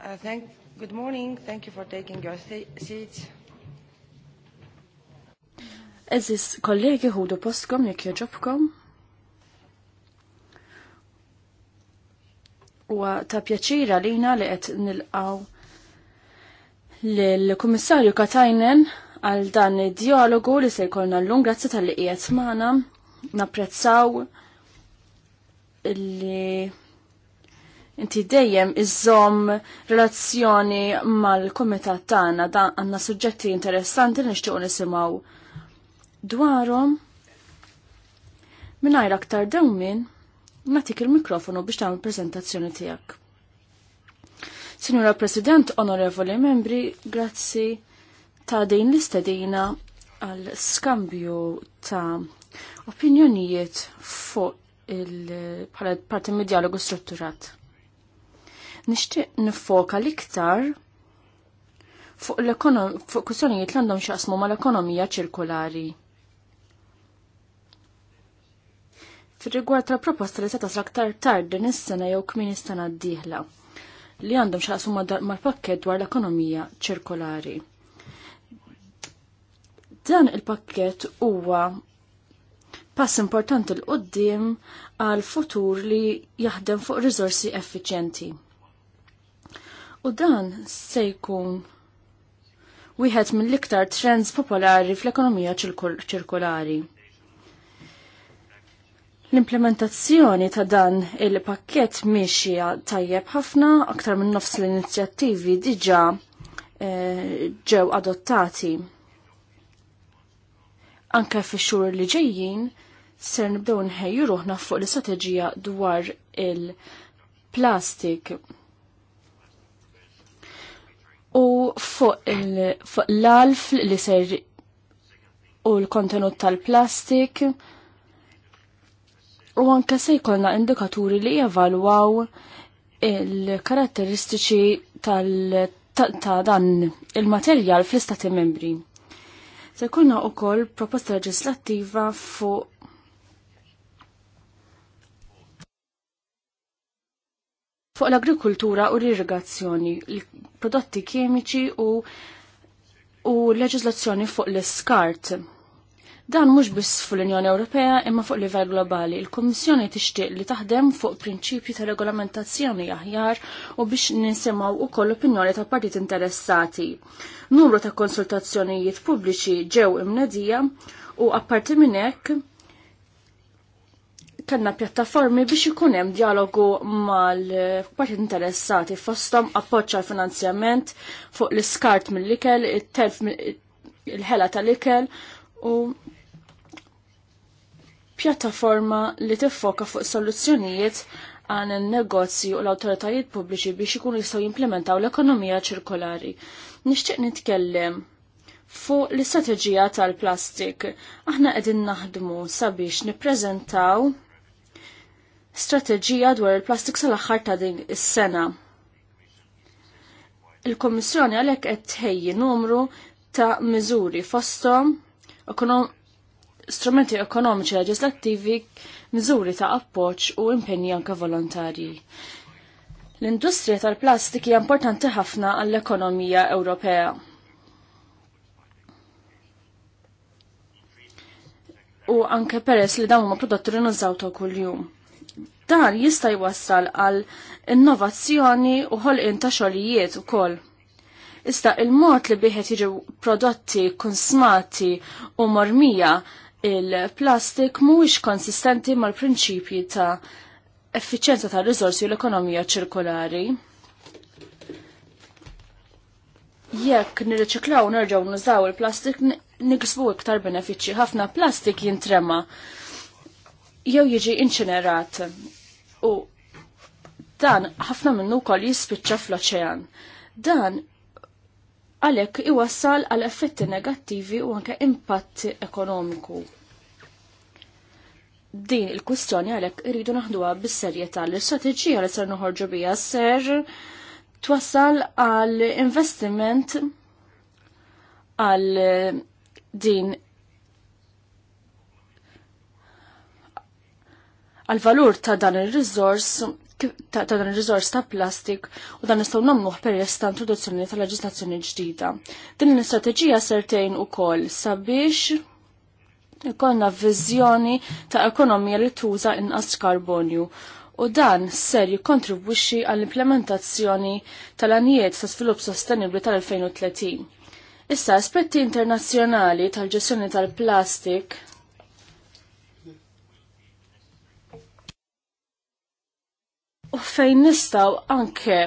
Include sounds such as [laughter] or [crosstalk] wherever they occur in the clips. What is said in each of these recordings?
Uh, thank, good morning, thank you for taking your seats. Eżis kollegi ħudu postkom jek joġobkom. U ta' pjaċira Alina li qed nilqaw l-Kummissarju Katajnen għal dan id-dialogu li se jkollna llum grazzi tal-li qiegħed magħna napprezzaw li inti dejjem iżom relazzjoni mal-kumitat tagħna għandna suġġetti interessanti li nixtiequ nisimgħu dwarhom. Mingħajr aktar dewmin, natik il-mikrofonu biex tagħmel preżentazzjoni tiegħek. Sinjura President, onorevoli membri, grazzi ta' din l-istedina għal skambju ta' opinjonijiet fuq il-parti mid-dialogu strutturat. Nixtieq nifoka l-iktar fuq l-kwistjonijiet li għandhom xaqsmu mal-ekonomija ċirkolari. Fir-rigward tal-proposta li setas l-aktar tard din is-sena jew kmini sena d-dieħla li għandhom xaqsu mal-pakket dwar l-ekonomija ċirkolari. Dan il-pakket huwa pass importanti l qoddim għal futur li jaħdem fuq riżorsi effiċjenti. U dan se jkun wieħed mill-iktar trends popolari fl-ekonomija ċirkolari. L-implementazzjoni ta' dan il-pakket miexija tajjeb ħafna aktar minn nofs l-inizjattivi diġa eh, ġew adottati. Anke fi xhur li ġejjin ser nibdew nħejju ruħna fuq l-istrateġija dwar il-plastik u fuq l-alf li ser u l-kontenut tal-plastik u anke se jkollna indikaturi li jevalwaw il-karatteristiċi tal- ta' dan il-materjal fl-istati membri. Se jkollna wkoll proposta leġislattiva fuq fuq l-agrikultura u l-irrigazzjoni, l-prodotti kimiċi u u leġislazzjoni fuq l skart Dan mhux biss fl-Unjoni Ewropea imma fuq livell globali. Il-Kummissjoni tixtieq li taħdem fuq prinċipji ta' regolamentazzjoni aħjar u biex ninsemgħu wkoll opinjoni ta' partit interessati. Numru ta' konsultazzjonijiet pubbliċi ġew imnedija u apparti minn hekk kanna pjattaformi biex ikun hemm dialogu mal-parti interessati fostom appoċċa finanzjament fuq l-iskart mill-ikel, il telf il-ħela tal-ikel u pjattaforma li tiffoka fuq soluzzjonijiet għan il-negozju u l-autoritajiet pubbliċi biex ikunu jistgħu jimplementaw l-ekonomija ċirkolari. Nixtieq nitkellem fuq l-istrateġija tal-plastik. Aħna qegħdin naħdmu sabiex nippreżentaw strateġija dwar il-plastik sal-aħħar ta' din is-sena. Il-Kommissjoni għalhekk qed tħejji numru ta' miżuri fosthom ekonom strumenti ekonomiċi leġislattivi, miżuri ta' appoġġ u impenji anke volontarji. L-industrija tal-plastik hija importanti ħafna għall-ekonomija Ewropea. U anke peress li dawn huma prodotti li nużaw ta' kuljum dan jista' jwassal għal innovazzjoni u ħolqien ta' xogħlijiet ukoll. Iżda il-mod li bieħed jiġu prodotti konsmati u mormija il-plastik mhuwiex konsistenti mal-prinċipji ta' effiċenza ta' riżorsi u l-ekonomija ċirkolari. Jekk nirriċiklaw nerġgħu nużaw il-plastik niksbu iktar benefiċċji ħafna plastik jintrema jew jiġi inċinerat u dan ħafna minnu kol jispiċċa fl-oċean. Dan għalek iwassal għal effetti negattivi u anke impatt ekonomiku. Din il-kwistjoni għalek irridu naħduha bis-serjetà l-istrateġija li ser noħorġu bija ser twassal għal investiment għal din għal-valur ta' dan il-rizors ta' dan il-rizors ta' plastik u dan nistgħu nammuħ per ta' introduzzjoni ta' leġislazzjoni ġdida. Din l-istrateġija sertejn ukoll sabiex ikonna viżjoni ta' ekonomija li tuża inqas karbonju u dan ser jikkontribwixxi għall-implementazzjoni tal-anijiet ta' svilupp sostenibbli tal-2030. Issa, aspetti internazzjonali tal-ġestjoni tal-plastik u fejn nistaw anke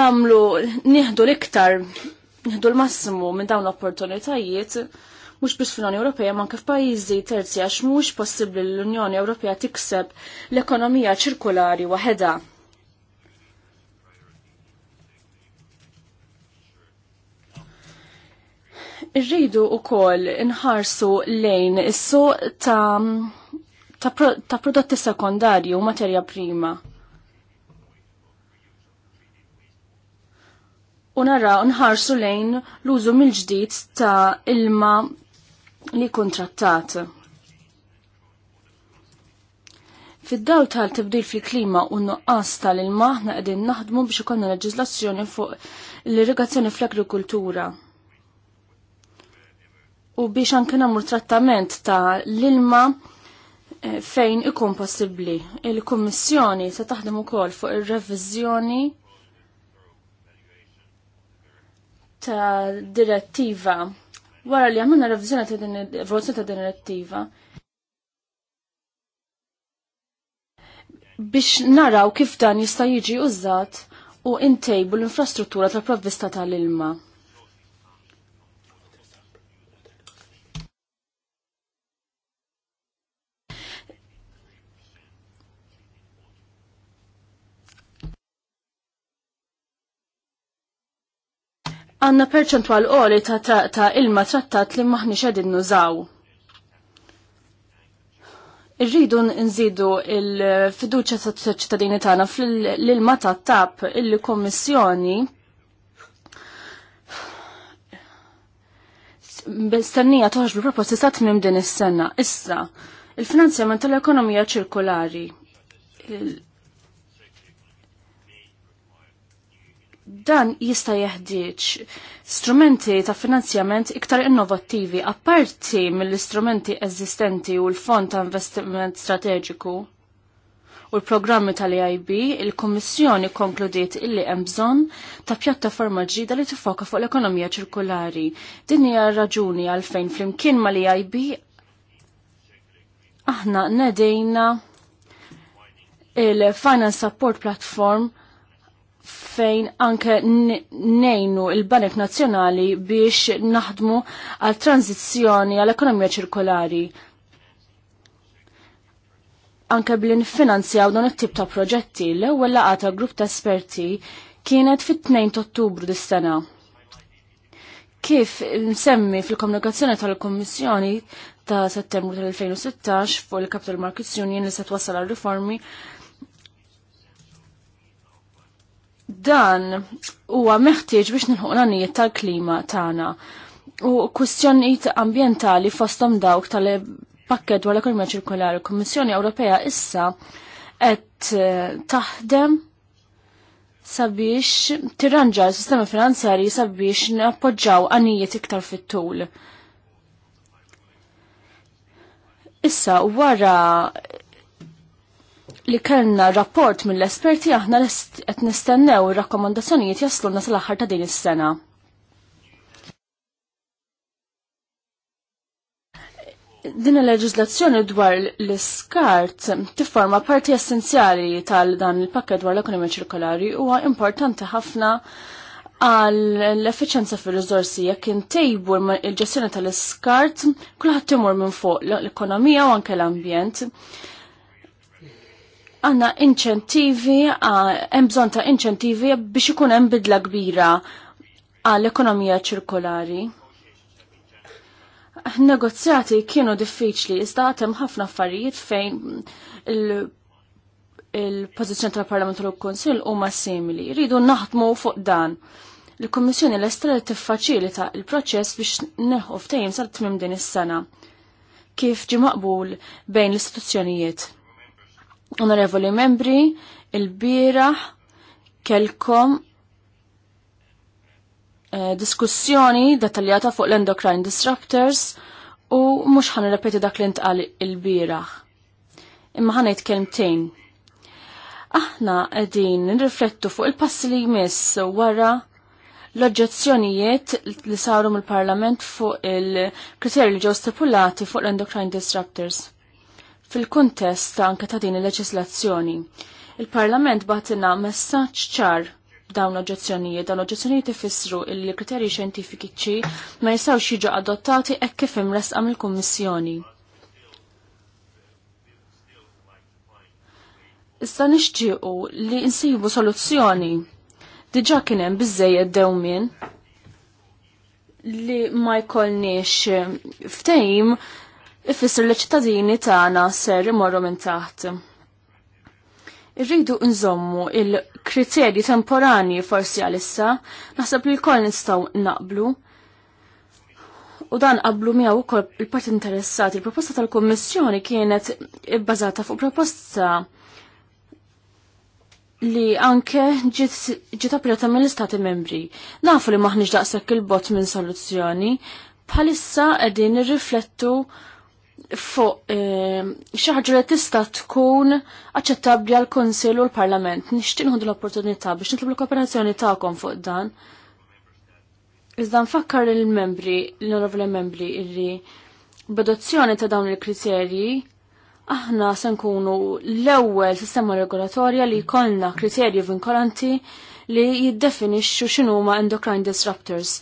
namlu nieħdu l-iktar, nieħdu l-massimu minn dawn l-opportunitajiet mhux biss fil unjoni Ewropea ma anke f'pajjiżi terzi għax mhux possibbli l-Unjoni Ewropea tikseb l-ekonomija ċirkulari waħedha. Irridu wkoll inħarsu lejn is-suq ta' ta', pro, ta prodotti sekondarji u materja prima. U nara nħarsu lejn l-użu mill-ġdid ta' ilma li kontrattat. Fid-dawl tal-tibdil fil-klima u nuqqas tal-ilma aħna qegħdin naħdmu biex ikollna leġiżlazzjoni fuq l-irrigazzjoni fl-agrikultura. U biex anke nagħmlu trattament ta' l-ilma Eh, fejn ikun possibbli. Il-Kummissjoni se taħdem ukoll fuq ir-reviżjoni ta' direttiva wara li għamilna revizjoni ta' din evoluzzjoni ta' din direttiva biex naraw kif dan jista' jiġi użat u intejbu l-infrastruttura tal-provvista tal-ilma. għanna perċentwal qoli ta', ta, ta ilma trattat li maħni xedin nużaw. Irridu nżidu il-fiduċa ta' ċittadini tagħna fl-ilma ta' tap il-Kommissjoni bestennija toħroġ bi proposti sa' tmim din is-sena. Issa, il-finanzjament tal-ekonomija ċirkolari dan jista' jeħtieġ strumenti ta' finanzjament iktar innovattivi apparti mill-istrumenti eżistenti u l-Fond ta' Investiment Strateġiku u l-programmi tal-EIB, il-Kommissjoni konkludiet illi hemm bżonn ta' pjattaforma ġdida li tifoka fuq l-ekonomija ċirkulari. Din hija raġuni għalfejn flimkien mal-EIB aħna nedejna il-Finance Support Platform fejn anke nejnu il-Banek Nazzjonali biex naħdmu għal tranzizzjoni għal ekonomija ċirkolari. Anke bli nfinanzjaw dawn it-tip ta' proġetti l-ewwel laqgħa grupp ta' esperti kienet fit-2 Ottubru dis-sena. Kif nsemmi fil-komunikazzjoni tal-Kommissjoni ta' Settembru tal-2016 fuq il-Capital Markets Union li se twassal għal riformi Dan huwa meħtieġ biex nilħuq l-għanijiet tal-klima tagħna. U kwistjonijiet ambjentali fosthom dawk tal-pakket dwar l-ekonomija ċirkolari, Kummissjoni Ewropea issa qed eh, taħdem sabiex tirranġa l-sistema finanzjari sabiex nappoġġaw għanijiet iktar fit-tul. Issa, wara li kellna rapport mill-esperti aħna qed nistennew ir-rakkomandazzjonijiet jaslulna sal-aħħar ta' din is-sena. Din il-leġiżlazzjoni dwar l-iskart tifforma parti essenzjali tal dan il-pakket dwar l-ekonomija ċirkolari huwa importanti ħafna għal l-effiċenza fil-rizorsi jekk intejbu il-ġestjoni tal-iskart kulħadd timur minn fuq l-ekonomija u anke l-ambjent għanna inċentivi, hemm bżonn ta' inċentivi biex ikun hemm bidla kbira għall-ekonomija ċirkolari. Negozjati kienu diffiċli, iżda għatem ħafna affarijiet fejn il-pozizjoni tal-Parlament u l-Konsil huma simili. Rridu naħdmu fuq dan. Il-Kommissjoni l-Estrella tiffaċilita il-proċess biex neħu ftehim sal tmim din is-sena. Kif ġi maqbul bejn l-istituzzjonijiet. Onorevoli membri, il-biraħ kelkom eh, diskussjoni dettaljata fuq l-endocrine disruptors u mux ħan repeti dak li ntqal il-biraħ. Imma ħan kelmtejn. Aħna qegħdin nirriflettu fuq il-passi li jmiss wara l-oġġezzjonijiet li saru mill-Parlament fuq il-kriterji li ġew stipulati fuq l-endocrine disruptors fil-kuntest anke ta' din il-leġislazzjoni. Il-Parlament batina messaġġ ċar dawn oġġezzjonijiet, dawn oġġezzjonijiet ifissru li kriterji xjentifiċi ma jistgħux jiġu adottati hekk kif imresqam il-Kummissjoni. Issa nixtiequ li insibu soluzzjoni diġa kien hemm biżejjed dewmien li ma jkollniex ftehim ifisser li ċittadini tagħna ser imorru minn taħt. Irridu nżommu il-kriterji temporani forsi għalissa, naħseb li l-koll nistaw naqblu. U dan qablu miegħu wkoll il-parti interessati. Il-proposta tal-Kommissjoni kienet bbażata fuq proposta li anke ġiet appjata mill-Istati membri. Nafu li maħniġ daqshekk il-bot minn soluzzjoni, bħalissa qegħdin irriflettu fuq ehm, xi ħaġa li tista' tkun aċċettabbli għal konsil u l-Parlament. Nixtieq nħodu l-opportunità biex nitlob l-kooperazzjoni tagħkom fuq dan. Iżda nfakkar il-membri, l-onorevoli membri Irri, b'adozzjoni ta' dawn il-kriterji aħna se nkunu l-ewwel sistema regolatorja li jkollna kriterji vinkolanti li jiddefinixxu x'inhuma endocrine disruptors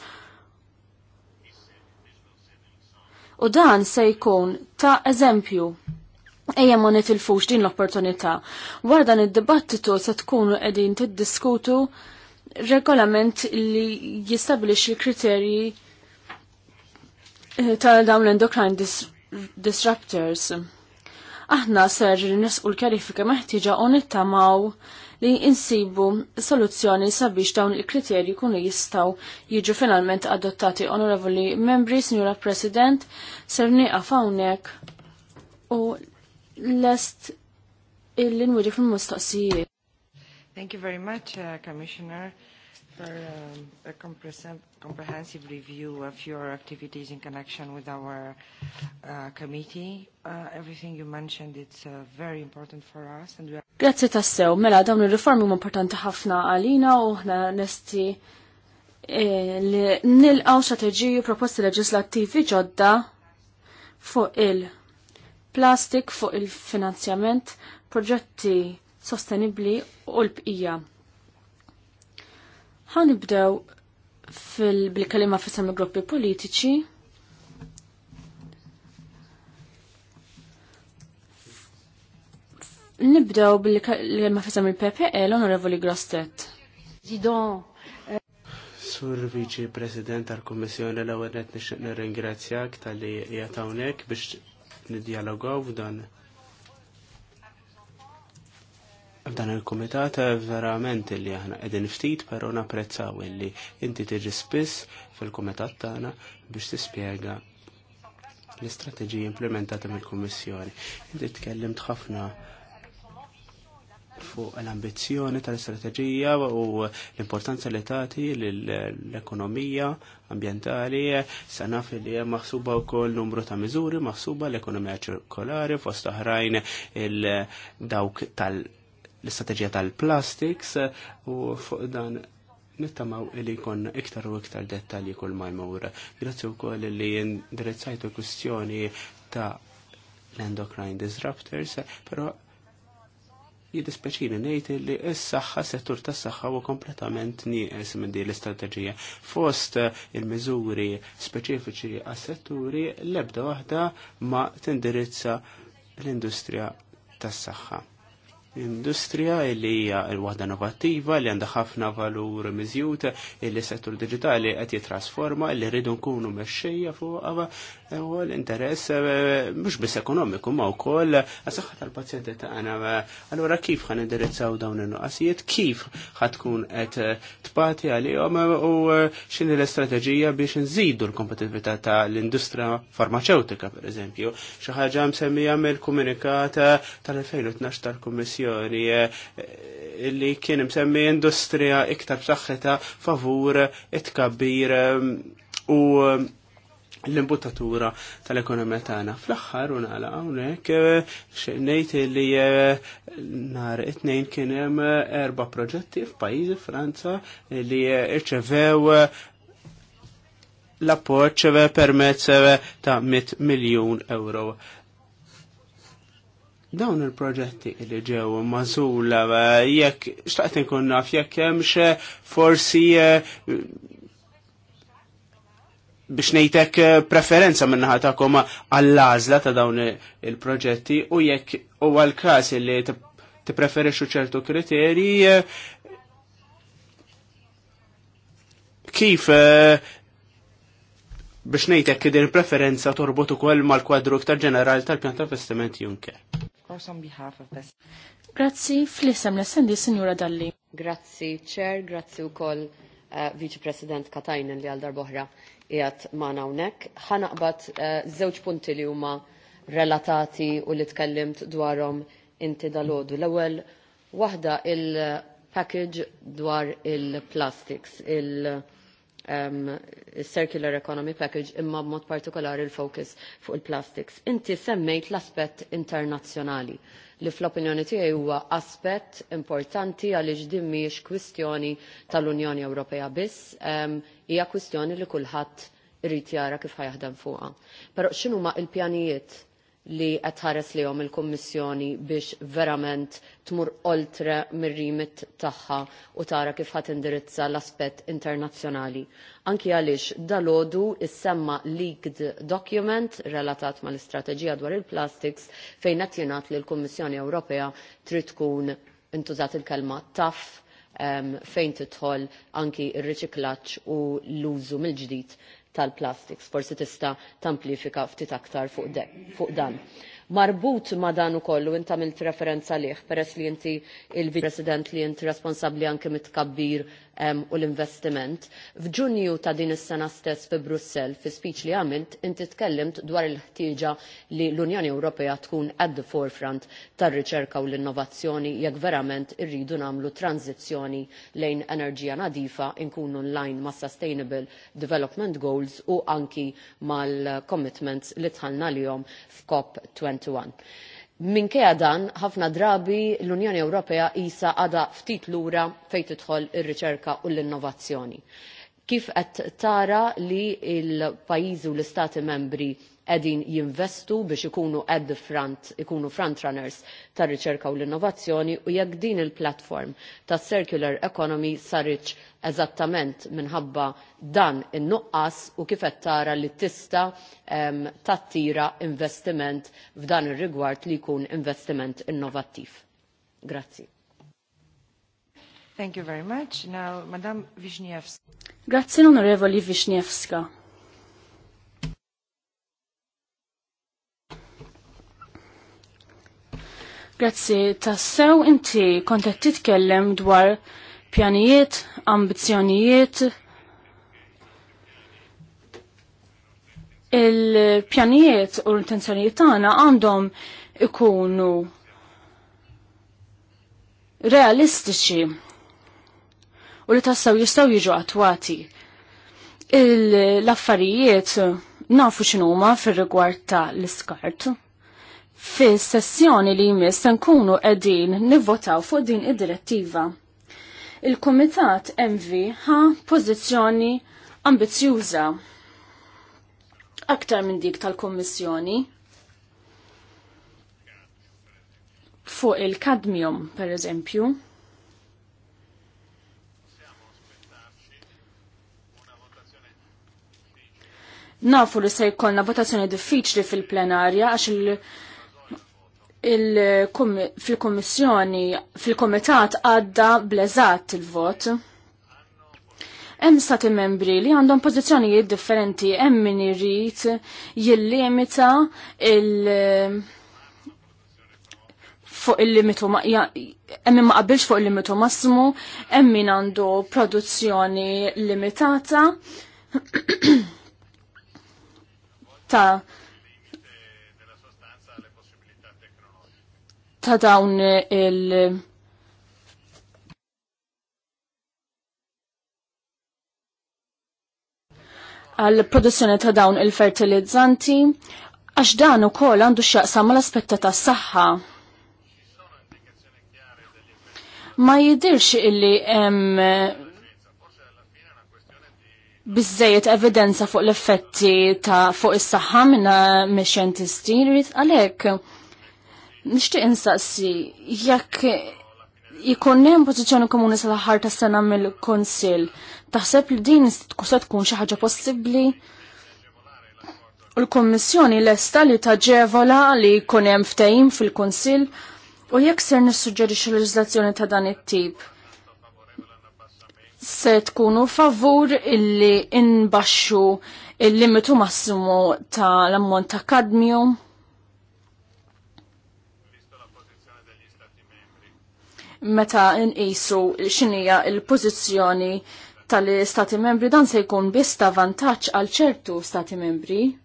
U dan se jkun ta' eżempju. Ejja ma nitilfux din l-opportunità. wara dan id-dibattitu se tkunu qegħdin tiddiskutu regolament li il kriterji eh, ta' dawn l-endocrine dis disruptors. Aħna ser nisqu l-kjarifika meħtieġa u nittamaw li insibu soluzzjoni sabiex dawn il-kriterji kunu jistaw jiġu finalment adottati onorevoli membri, signora President, serni għafawnek u lest il-linwidi fil-mustaqsijiet. Thank you very much, uh, Commissioner, for um, a comprehensive review of your activities in connection with our uh, committee. Uh, everything you mentioned, it's uh, very important for us. and we are Grazzi tassew, mela dawn il-riformi huma importanti ħafna għalina u ħna nesti eh, li nilqaw strateġiji proposti leġislattivi ġodda fuq il-plastik, fuq il-finanzjament, proġetti sostenibli u l-bqija. nibdew fil-bil-kalima fissam il-gruppi politiċi. Nibdaw billi ma fisem il-PPE eh, l-Onorevoli Grostet. Zidon. Sur Viċi President tal-Kommissjoni l-ewwel qed nixtieq nirringrazzjak tal-li jatawnek hawnhekk biex niddialogaw f'dan f'dan il-kumitat verament li aħna qegħdin ftit però napprezzaw illi inti tiġi spiss fil-kumitat tagħna biex tispjega l-istrateġiji implementata mill-Kummissjoni. Inti tkellimt ħafna fuq l-ambizjoni tal-istrateġija u l-importanza li tagħti l-ekonomija ambjentali se naf li maħsuba maħsuba wkoll numru ta' miżuri maħsuba l-ekonomija ċirkolari fost oħrajn il-dawk tal- l-istrateġija tal-plastics u fuq dan nittamaw li kon iktar u iktar dettalji kull ma jmur. Grazzi wkoll li indirizzajtu kwistjoni ta' l-endocrine disruptors, pero jidispeċina ngħid li s-saħħa settur tas-saħħa huwa kompletament nieqes minn din l-istrateġija. Fost eh, il-miżuri speċifiċi għas-setturi l-ebda waħda ma tindirizza l-industrija tas-saħħa. Industrija li hija l-waħda innovattiva li għandha ħafna valur miżjut, li settur digitali qed jitrasforma, li rridu nkunu mexxejja fuq u l-interess eh, mhux biss ekonomiku ma wkoll għas-saħħa tal-pazjenti tagħna. Allura kif ħan indirizzaw dawn in-nuqqasijiet, kif ħatkun qed tpati għalihom u eh, x'inhi l-istrateġija biex nżidu l-kompetitività tal-industrija farmaceutika pereżempju. Xi ħaġa msemmija mill-komunikat eh, tal-2012 tal-Kummissjoni li kien msemmi industrija iktar b'saħħitha favur it-tkabbir u l-imbutatura tal-ekonomija tagħna. Fl-aħħar u nagħlaq hawnhekk eh, ngħid li eh, nhar it-tnejn kien hemm eh, erba' proġetti f'pajjiżi Franza li rċevew l-appoġġ permezz ta' 100 miljun euro dawn il-proġetti li ġew mażula jekk xtaqt inkun naf jekk hemmx forsi biex nejtek eh, preferenza minnaħa ta'kom għall-azla ta' dawn il-proġetti u jekk u għal-kas li ti preferixu ċertu kriteri eh, kif eh, biex nejtek din preferenza torbot ukoll mal-kwadru iktar ġenerali tal-pjanta investiment Juncker. Grazzi, flisem l sendi Signora Dalli. Grazzi, Chair, grazzi u kol Vice President Katajnen li għal darboħra qiegħed maħna hawnhekk. ħanaqbat eh, żewġ punti li huma relatati u li tkellimt dwarhom inti dal-ħodu. L-ewwel waħda il-package dwar il-plastics, il-plastics um, circular economy package imma b'mod partikolari l-focus fuq il-plastics. Inti semmejt l-aspett internazzjonali li fl-opinjoni tiegħi huwa aspett importanti għaliex din mhijiex kwistjoni tal-Unjoni Ewropea biss, um, hija um, kwistjoni li kulħadd irid jara kif ħajaħdem fuqha. Però x'inhuma l-pjanijiet li qed li għom il-Kummissjoni biex verament tmur oltre mir-rimit tagħha u tara kif ħadd indirizza l-aspett internazzjonali. Anki għaliex dalodu semma leaked document relatat mal-istrateġija dwar il-plastics fejn qed li l-Kummissjoni Ewropea trid tkun intużat il-kelma taf um, fejn titħol anki ir-riċiklaġġ u l-użu mill-ġdid tal-plastics. Forsi tista' tamplifika ftit aktar fuq, de, fuq dan. Marbut ma dan ukollu inta mill referenza liħ peress li inti il-President li inti responsabbli anke mit kabbir Um, u l-investiment. F'Ġunju ta' din is-sena stess fi Brussell, fi speech li għamilt, inti tkellimt dwar il-ħtieġa li l-Unjoni Ewropea tkun at the forefront tar-riċerka u l-innovazzjoni jekk verament irridu nagħmlu tranzizzjoni lejn enerġija nadifa inkunu online ma' Sustainable Development Goals u anki mal-commitments li tħallna lihom f'COP 21. Minkejja dan, ħafna drabi l-Unjoni Ewropea jisa għada ftit lura fejn tidħol ir-riċerka u l-innovazzjoni. Kif qed tara li l-pajjiżi u l-istati membri qegħdin jinvestu biex ikunu at the front, ikunu front runners tar riċerka u l-innovazzjoni u jekk din il-platform tas circular economy saritx eżattament minħabba dan in-nuqqas u kif qed tara li tista um, tattira investiment f'dan ir-rigward li jkun investiment innovattiv. Grazzi. Thank you very much. Now, Madam Wisniewska. Grazie, Onorevoli Wisniewska. Grazzi, tassew inti kontet titkellem dwar pjanijiet, ambizjonijiet, il-pjanijiet u l-intenzjonijiet tagħna għandhom ikunu realistiċi u li tassew jistgħu jiġu attwati. L-affarijiet nafu x'inhuma fir-rigward ta' l-iskart fi sessjoni li jmiss nkunu qegħdin nivvotaw fuq din id-direttiva. Il-Kumitat MV ha pożizzjoni ambizzjuża aktar minn dik tal-Kommissjoni fuq il-kadmium, per eżempju. Nafu li se jkollna votazzjoni diffiċli fil-plenarja għax il- fil-kommissjoni, fil-komitat għadda blezat il-vot. Hemm stati membri li għandhom pożizzjonijiet differenti hemm min irid jillimita il- fuq il-limitu hemm ma qabilx fuq il-limitu massimu, hemm min għandu produzzjoni limitata [clears throat] ta' ta' dawn il- għal produzzjoni ta' dawn il-fertilizzanti għax dan ukoll għandu x'jaqsam l aspetta ta' saħħa. Ma jidirx illi hemm bizzejiet evidenza fuq l-effetti ta' fuq is-saħħa minn xjentisti, għalhekk Nixtieq insaqsi jekk jikun hemm pożizzjoni komuni sal-aħħar tas-sena mill-Kunsill, taħseb li din se tkun xi ħaġa possibbli? U l-Kommissjoni lesta li taġevola li jkun hemm ftehim fil-Kunsill u jekk ser nissuġġerixxi leġiżlazzjoni ta' dan it-tip. Se tkunu favur illi inbaxxu il-limitu massimu ta' l-ammont ta' kadmium meta nqisu x'inhija l-pożizzjoni tal-Stati membri dan se jkun biss ta' vantaġġ għal ċertu Stati membri.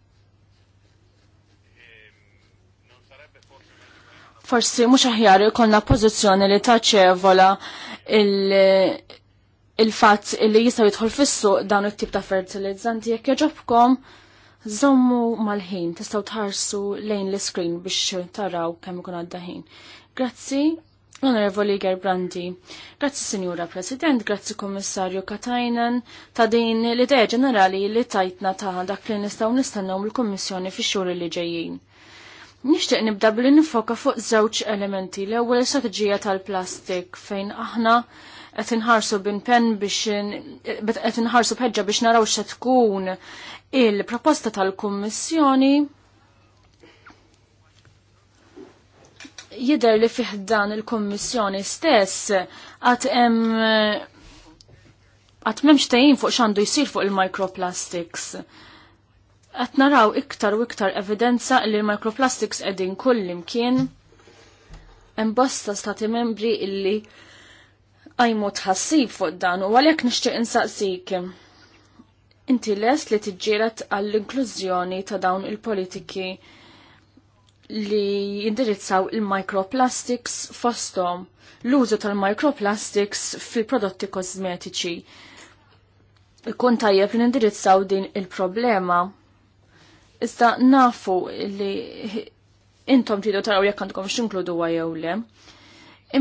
Forsi mhux aħjar ikollna pożizzjoni li taċevola il- il-fatt li jistaw jidħol fissu dan dawn it-tip ta' fertilizzanti jekk jaġobkom żommu mal-ħin tistgħu tħarsu lejn l screen biex taraw kemm ikun għadda ħin. Grazzi Onorevoli Gerbrandi, grazzi Signora President, grazzi Kommissarju Katajnen, ta' din l-idea ġenerali li tajtna ta' dak li nistaw nistennaw l-Kommissjoni fi xhur li ġejjin. Nixtieq nibda bil nifoka fuq żewġ elementi l ewwel strateġija tal-plastik fejn aħna qed inħarsu bin pen biex qed inħarsu biex naraw x'se tkun il-proposta tal-Kummissjoni jider li fiħdan il-kommissjoni stess għat em għat memx tajin fuq xandu jisir fuq il-microplastics. Għat naraw iktar u iktar evidenza li l-microplastics edin kullim kien imbosta stati membri illi għajmu tħassib fuq dan u għalek nishtiq insaqsik. Inti les li tġirat għall-inklużjoni ta' dawn il-politiki li jindirizzaw il-microplastics fostom l-użu tal-microplastics fil-prodotti kosmetiċi. Ikun tajjeb li nindirizzaw din il-problema. Iżda nafu li intom tridu taraw jekk għandkom x'inkludu jew le.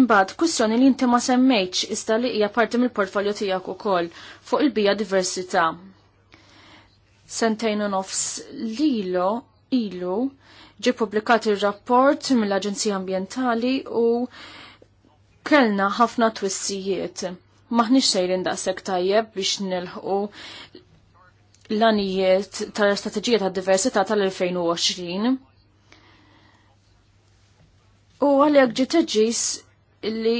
Imbagħad kwistjoni li inti ma semmejtx iżda li hija parti mill-portfolio tiegħek ukoll fuq il-bija diversità. Sentejn nofs nofs lilu ilu ġi publikat il-rapport mill-Aġenzija Ambientali u kellna ħafna twissijiet. Maħniex sejrin daqshekk tajjeb biex nilħu l-anijiet tal strategija tad diversità tal-2020. U għalhekk ġi teġis illi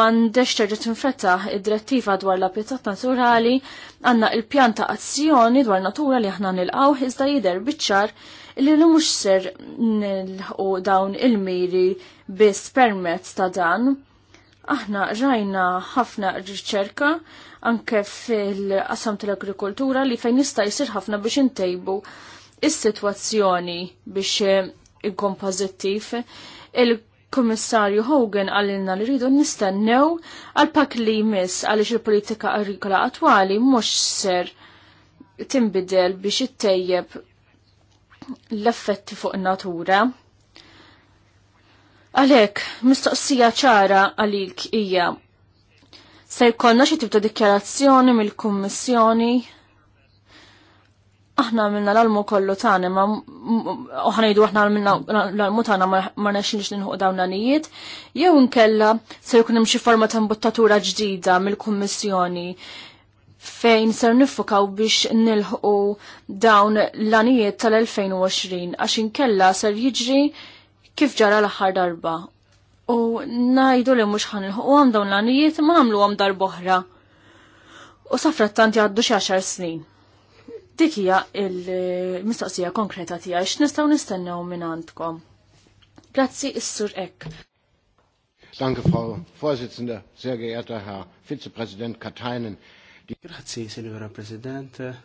mandex terġa' tinfettaħ id-direttiva dwar l-apjetat naturali għandna il-pjan ta' azzjoni dwar natura li aħna nilqgħu iżda jidher biċ-ċar li l mux ser nilħu dawn il-miri biss permezz ta' dan. Aħna rajna ħafna riċerka anke fil-qasam tal-agrikoltura li fejn jista' jsir ħafna biex intejbu is-sitwazzjoni biex il il Komissarju Hogan għallinna li rridu nistennew għal pak li jmiss għaliex il-politika agrikola attwali mhux ser timbidel biex ittejjeb l-effetti fuq natura. Għalek, mistoqsija ċara għalik hija se jkollna xi tibta dikjarazzjoni mill-Kummissjoni aħna minna l-almu kollu tani, ma uħna jidu aħna minna l-almu tani, ma naxinx ninħuq dawn l-anijiet, jew nkella se jkun hemm xi forma ta' imbuttatura ġdida mill-Kummissjoni fejn ser nifukaw biex nilħu dawn l-anijiet tal-2020 għax inkella ser jiġri kif ġara l-aħħar darba. U najdu li mux ħan għam dawn l-anijiet ma għamlu għam darboħra. U safrattant għaddu xi għaxar snin. Dik hija il-mistoqsija konkreta tiegħi x'nistgħu nistennew minn għandkom. Grazzi is-sur Ek. Danke, Frau Vorsitzende, sehr geehrter Herr Vizepräsident Katainen. Grazzi, Signora President.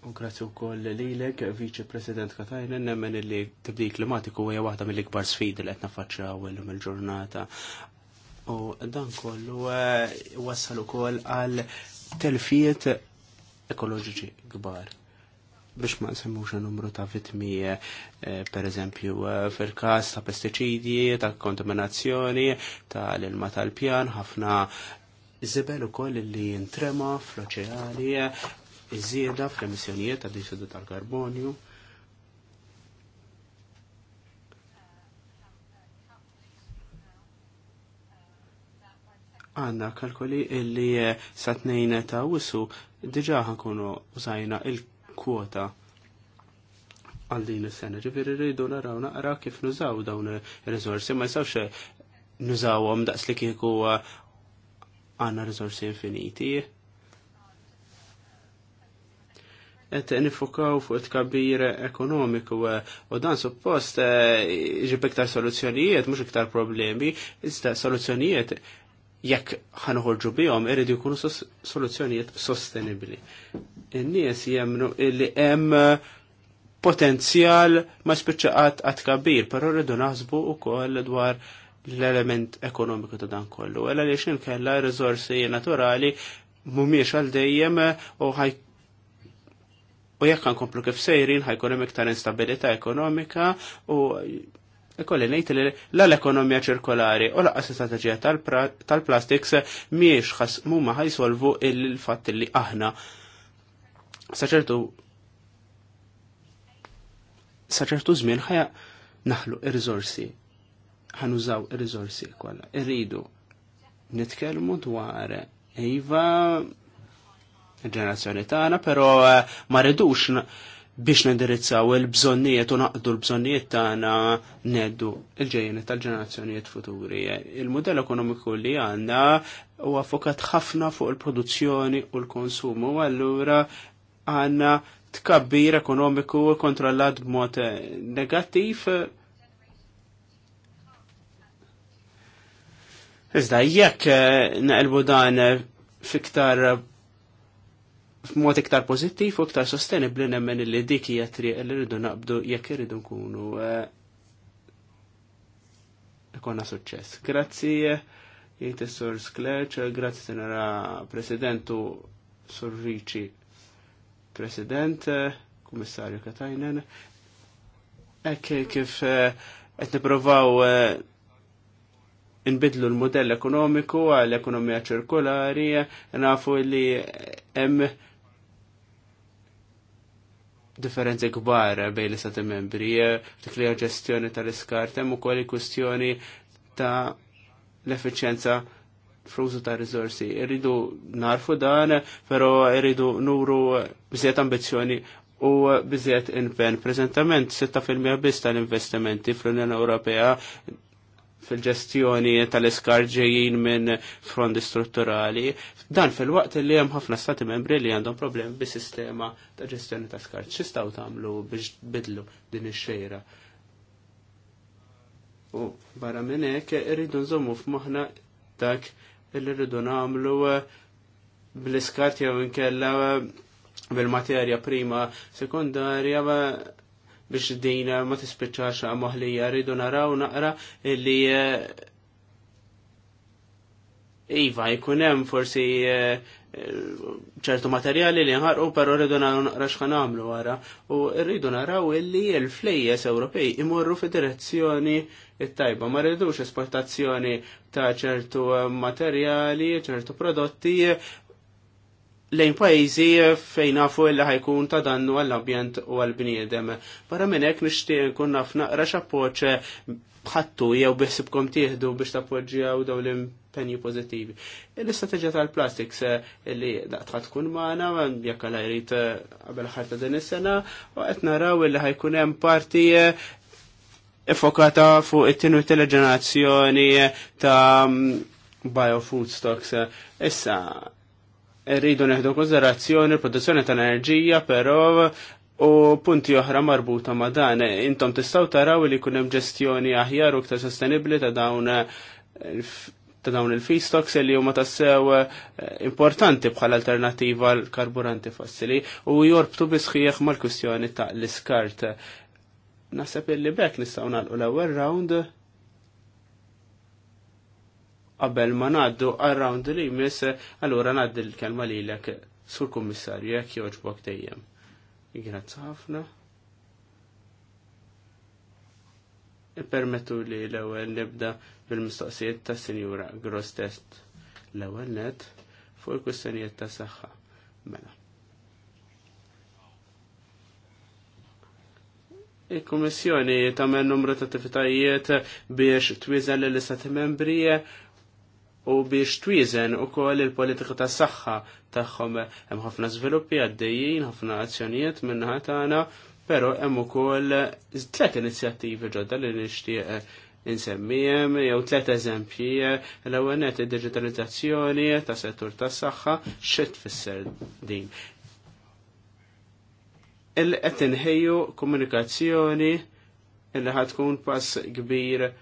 U grazzi u koll lilek, Vice President Katajna, nemmen li tibdi klimatiku u waħda mill-ikbar sfidi li qed l-lum il-ġurnata. U dan kollu eh, wassal ukoll għal telfiet ekoloġiċi kbar biex ma nsemmux numru ta' vitmi, eh, per eżempju, eh, fil-kas ta' pesticidi, ta' kontaminazzjoni, ta' l-ilma tal-pjan, ħafna u ukoll li jintrema fl-oċeani, iżieda fl-emissjonijiet ta' dissidu tal-karbonju. Għanna kalkoli illi eh, satnejn ta' wisu diġa ħankunu użajna il-kwota għal din is-sena. Ġifieri rridu naraw naqra kif nużaw dawn ir-riżorsi ma jsawx nużawhom daqs li kieku eh, għanna rizorsi infiniti. Et nifokaw fuq it-kabir ekonomiku eh, u dan suppost eh, ġib iktar soluzzjonijiet, mux iktar problemi, iżda soluzzjonijiet jekk ħanħorġu bihom irridu jkunu soluzzjonijiet sostenibli. In-nies jemnu li hemm eh, potenzjal ma spiċċaqat għat kabir, però rridu naħsbu wkoll dwar l-element ekonomiku ta' dan kollu. Għalla li xin kella rizorsi naturali mumiex għal dejjem u ħaj u jekk nkomplu kif sejrin ħajkun hemm iktar instabilità ekonomika u ikolli ngħid li l-ekonomija ċirkolari u laqas istrateġija tal-plastics miex ħas mhuma ħajsolvu il-fatt li aħna saċertu saċertu żmien ħajja naħlu ir-riżorsi ħanużaw ir rizorsi kollha. Irridu nitkellmu dwar iva il-ġenerazzjoni tagħna, però eh, ma rridux biex nindirizzaw il-bżonnijiet u naqdu l-bżonnijiet tagħna neddu il-ġejjeni tal-ġenerazzjonijiet futuri. Il-modell ekonomiku li għandna huwa fokat ħafna fuq il-produzzjoni u l-konsum u allura għandna tkabbir ekonomiku kontrollat b'mod eh, negattiv Iżda jekk eh, naqelbu dan eh, fiktar eh, f'mod iktar pożittiv u iktar sostenibbli nemmen li dik hija triq li rridu naqbdu jekk irridu nkunu ikonna suċċess. Grazzi jgħid is-Sur Sklerċ, grazzi tenera Presidentu Sur President, Kummissarju Katajnen. Ekk kif qed nipprovaw inbidlu l-modell ekonomiku għal ekonomija ċirkolari, nafu li hemm differenzi kbar bejn l-istati membri, dik li ġestjoni tal-iskart, hemm ukoll kwistjoni ta' l-effiċjenza fl-użu ta' risorsi. Irridu narfu dan, pero irridu nuru bżiet ambizzjoni u bżiet inven. Prezentament 6% biss tal-investimenti fl-Unjoni Ewropea fil-ġestjoni tal-iskarġejjin minn frondi strutturali. Dan fil-waqt li hemm ħafna stati membri li għandhom problemi bis-sistema ta' ġestjoni ta' skarġ. X'istgħu tagħmlu biex bidlu din ix-xejra? U barra minn hekk irridu nżommu f'moħħna dak li rridu nagħmlu eh, bl-iskart jew inkella eh, bil-materja prima sekundarja eh, biex din ma tispiċċax moħlija rridu naraw naqra li eh, Iva, jkun hemm forsi eh, ċertu materjali li nħarqu, pero rridu naqra xħan għamlu għara. U rridu naraw illi l-flejjes Ewropej imorru fid-direzzjoni tajba Ma rridux esportazzjoni ta' ċertu eh, materjali, ċertu prodotti lejn pajjiżi fejn nafu illi ħajkun ta' dannu għall-ambjent u għall-bniedem. Para minn hekk nixtieq nkun naf naqra x'appoġġ bħattu jew biħsibkom tieħdu biex tappoġġjaw daw l-impenji pożittivi. L-istrateġija tal-plastics eh, li daqtħa tkun magħna jekk għal jrid eh, qabel ħarta din is-sena u qed naraw illi ħajkun hemm parti eh, effokata fuq it-tienu ġenerazzjoni ta' mm, biofoodstocks Issa, rridu neħdu konsiderazzjoni l-produzzjoni ta' enerġija, però u punti oħra marbuta ma' dan. Intom tistgħu taraw li kun hemm ġestjoni aħjar u ktar sostenibbli ta' dawn ta' dawn il-feedstocks li huma tassew eh, importanti bħal alternativa għal karburanti fossili u jorbtu bisħieħ mal-kwistjoni ta' l-iskart. Naseb li bekk nistgħu nagħlqu l-ewwel round qabel ma ngħaddu around round li jmiss, allura ngħaddi l-kelma lilek sur Kommissarju, jekk jogħġbok dejjem. Grazzi ħafna. Ippermettu li l-ewwel nibda bil-mistoqsijiet tas-Sinjura Gross Test l-ewwel net fuq il-kwistjonijiet ta' saħħa. Mela. il komissjoni tamen numru ta' attivitajiet biex twiżel l istati membri u biex twizen u koll il-politika ta' saħħa tagħhom hemm ħafna żviluppi għaddejjin, ħafna azzjonijiet minnaħa tagħna, però hemm ukoll tliet inizjattivi ġodda li nixtieq eh, insemmijem jew tliet eżempji eh, l-ewwel net id-diġitalizzazzjoni ta' settur tas-saħħa xi tfisser din. Il-qed inħejju komunikazzjoni illi ħatkun pass kbir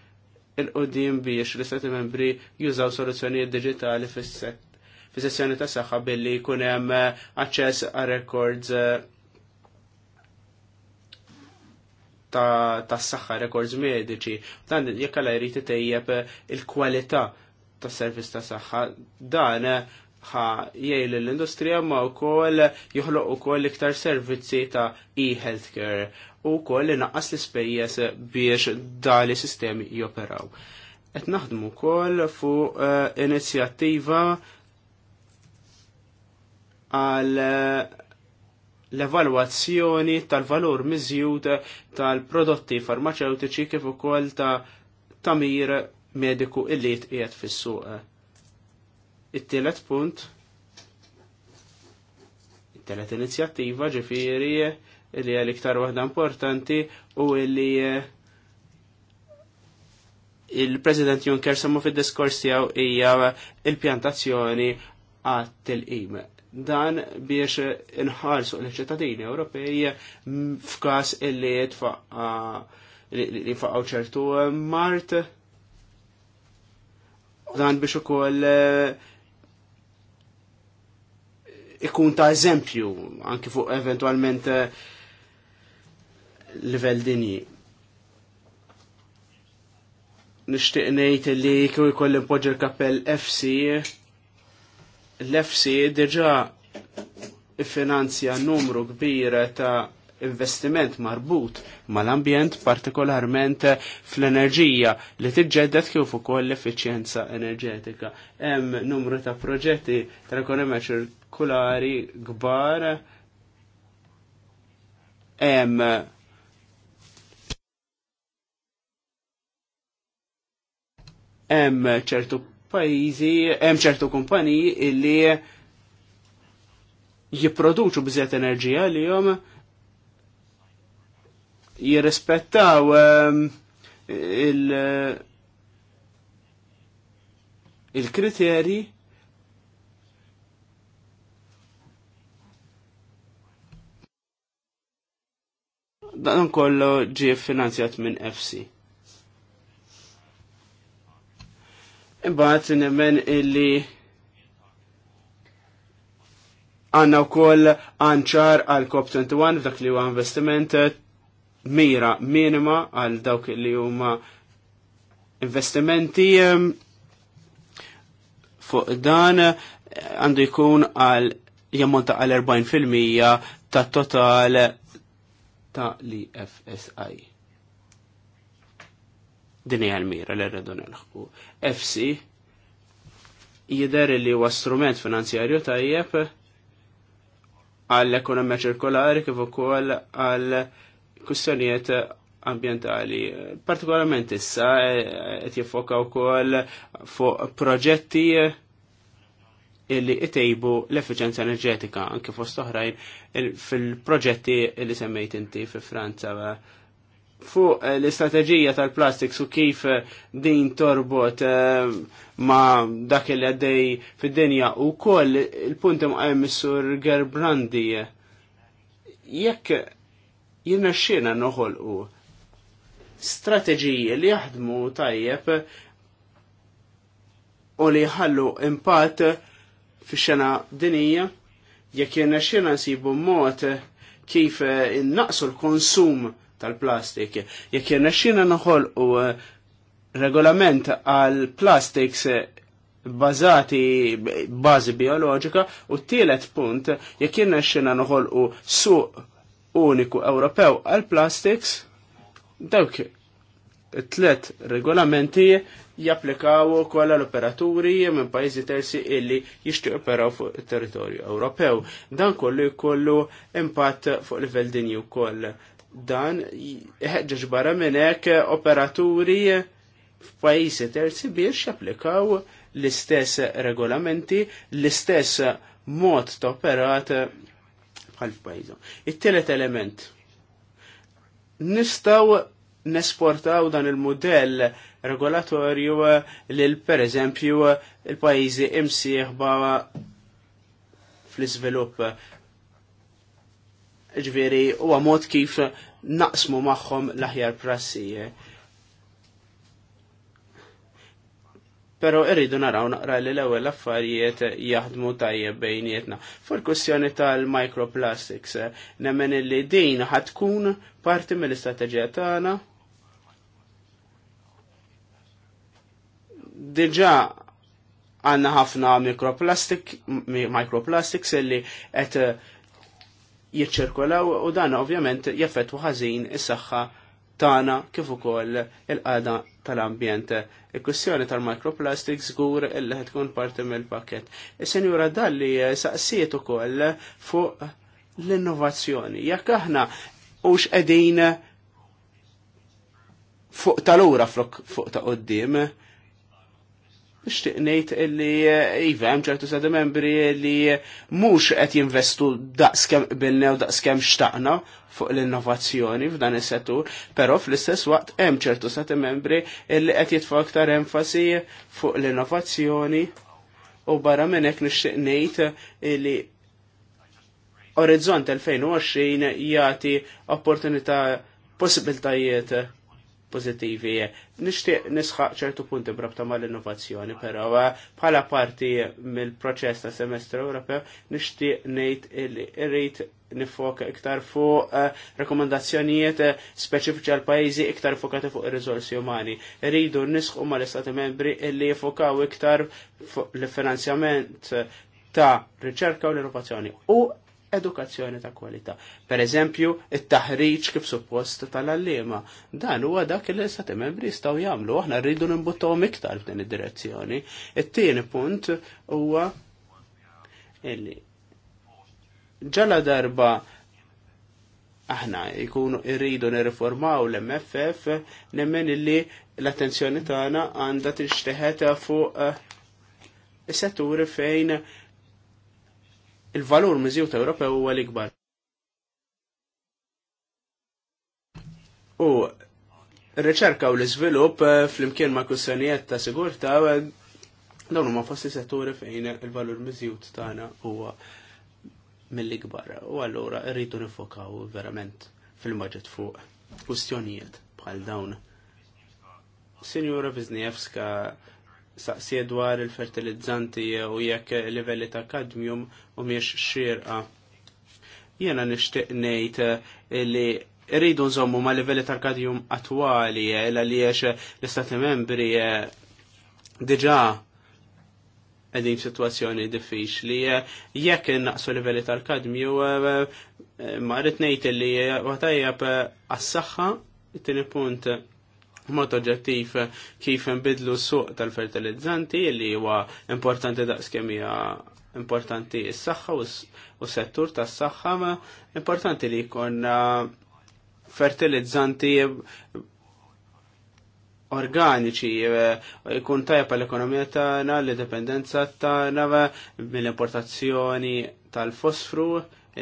il-qoddim biex l-istati membri jużaw soluzzjonijiet digitali fis-sessjoni ta' saħħa billi jkun hemm eh, aċċess għal records eh, ta' s-saxħa records medici. Dan jekk għal jrid eh, il-kwalità tas servizz ta' saħħa dan ħa jgħil l-industrija ma u koll juħloq u koll iktar servizzi ta' e-healthcare u koll naqqas l-spejjes biex dali sistemi joperaw. Et naħdmu koll fu uh, eh, inizjattiva għal eh, l-evalwazzjoni tal-valur miżjud tal-prodotti farmaceutiċi kif ukoll ta' tamir mediku illi tqiegħed fis-suq it telet punt it telet inizjattiva ġifieri li għal iktar waħda importanti u li eh, il-President Juncker semmu fid-diskors tiegħu hija il-pjantazzjoni għat il Dan biex inħarsu l-ċittadini Ewropej f'każ illi tfaqqa li faqgħu ċertu mart dan biex ukoll uh, ikun ta' eżempju anki fuq eventualment eh, livell dinji. Nishtiq ngħid li kieku jkolli poġġer kappell FC l-FC diġà iffinanzja numru kbir ta' investiment marbut mal-ambjent partikolarment fl-enerġija li tiġġeddet kif ukoll l-effiċjenza enerġetika. Hemm numru ta' proġetti tra ekonomiċi partikolari kbar hemm em ċertu pajjiżi, hemm ċertu kumpaniji illi jipproduċu bżiet enerġija li jom jirrispettaw il- il-kriterji dan kollu ġie finanzjat minn FC. Imbagħad nemmen illi għanna u koll għanċar għal COP21 f'dak li huwa investiment eh, mira minima għal dawk li huma investimenti eh, fuq dan eh, għandu jkun għal jammonta għal 40% ta' total ta' li FSI. Dini għal-mira l-erredu nelħu. FC jider li huwa strument finanzjarju tajjeb għall-ekonomija ċirkolari kif ukoll għall kustjonijiet ambientali. Partikolarment issa eh, qed jiffoka wkoll fuq proġetti illi itejbu l-efficienza enerġetika anke fost oħrajn fil-proġetti li semmejt inti fi Franza fuq eh, l-istrateġija tal-plastiks u kif eh, din torbot eh, ma dak li għaddej fid-dinja u koll il-punt imqajm sur Gerbrandi jekk jirna xina noħol u strateġiji li jaħdmu tajjeb u li jħallu impatt fix-xena dinija jekk jenna xena nsibu mod kif eh, naqsu l-konsum tal-plastik. Jekk jenna xena nħol u eh, regolament għal plastics eh, bazati bazi biologika u t-tielet punt jekk jenna xena nħol u suq uniku Ewropew għal plastics dawk tlet regolamenti japplikaw ukoll l-operaturi minn pajjiżi terzi illi jixtiequ operaw fuq it-territorju Ewropew. Dan kollu jkollu impatt fuq livell dinju wkoll. Dan jħeġġeġ barra minn hekk operaturi f'pajjiżi terzi biex japplikaw l-istess regolamenti, l-istess mod ta' operat bħal f'pajzi. it telet element. Nistaw nesportaw dan il-modell regolatorju eh, lil per eżempju eh, il-pajizi imsieħba fl-izvilupp. Ġveri, u mod kif naqsmu maħħom l-aħjar prassije. Pero irridu naraw naqra li l-ewwel affarijiet jaħdmu tajjeb bejnietna. Fur kussjoni tal-microplastics, nemmen li din ħatkun parti mill-istrateġija tagħna diġa għanna ħafna mikroplastik, microplastics illi qed eh, jiċċirkolaw u dan ovvjament jaffettu ħażin is-saħħa tagħna kif ukoll il-qada tal-ambjent. Il-kwistjoni tal-microplastics żgur illi qed tkun parti mill-pakket. Is-senjura Dalli eh, saqsiet ukoll fuq l-innovazzjoni. Jekk aħna hux qegħdin fuq tal-ura fuq ta' qoddim, Nishtiq ngħid illi eh, iva hemm ċertu stati membri li mhux qed jinvestu daqskemm bilne u daqskemm xtaqna fuq l-innovazzjoni f'dan is-settur, però fl-istess waqt hemm ċertu stati membri illi qed jitfgħu aktar enfasi fuq l-innovazzjoni u barra minn hekk nixtieq ngħid illi Orizzont 2020 jagħti opportunità possibiltajiet pozitivi. Nishtiq nisħaq ċertu punti brabta mal-innovazzjoni, pero eh, bħala parti mill-proċess ta' semestru Ewropew nishtiq nejt il-rejt nifok iktar fuq eh, rekomendazzjonijiet eh, speċifiċi għal pajjiżi iktar fokati fuq ir-riżorsi umani. Rridu nisħu mal-Istati membri illi jifokaw iktar fuq l-finanzjament ta' riċerka u l-innovazzjoni. U edukazzjoni ta' kwalità. Per eżempju, it-taħriġ kif suppost tal-allima. Dan huwa dak li l membri jistgħu jagħmlu, aħna rridu nimbuttawhom iktar f'din id-direzzjoni. It-tieni punt huwa illi ġala darba aħna jkunu irridu nirriformaw l-MFF nemmen illi l-attenzjoni tagħna għandha tixteħet fuq eh, is-setturi fejn il-valur ta' Ewropew huwa l-ikbar. U r-riċerka u l-iżvilupp eh, fl-imkien ma' kussjonijiet ta' sigurta eh, dawn huma fossi setturi fejn il-valur miżjut tagħna huwa mill-ikbar. U allura rridu nifokaw verament fil-maġġet fuq kwistjonijiet bħal dawn. Sinjura Wisniewska saqsie dwar il-fertilizzanti u jekk livelli ta' kadmium u miex xirqa. Jena nishtiq nejt eh, li rridu nżommu ma' livelli ta' kadmium attwali eh, la li jiex l-istati membri eh, diġa edin situazzjoni diffiċli. Jekk naqsu livelli tal-kadmju, ma rritnejt li għatajab għas-saxħa, it-tini punt mod oġġettiv kif nbidlu suq tal-fertilizzanti li huwa importanti daqskemm hija importanti s-saħħa u settur tas-saħħa ma importanti li jkun fertilizzanti organiċi jkun eh, tajab l-ekonomija tagħna, l-dipendenza tagħna mill-importazzjoni tal-fosfru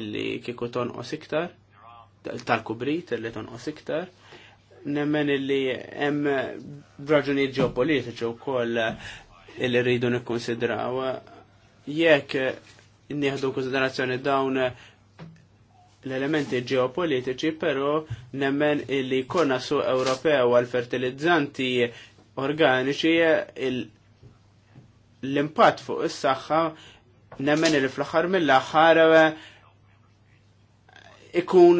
illi kieku tonqos iktar, tal-kubrit illi tonqos iktar nemmen illi hemm raġuni ġeopolitiċi wkoll illi rridu nikkonsidraw. Jekk nieħdu konsiderazzjoni dawn l-elementi ġeopolitiċi, però nemmen illi jkollna su Ewropew għal fertilizzanti organiċi l-impatt fuq is-saħħa nemmen li fl-aħħar mill-aħħar ikun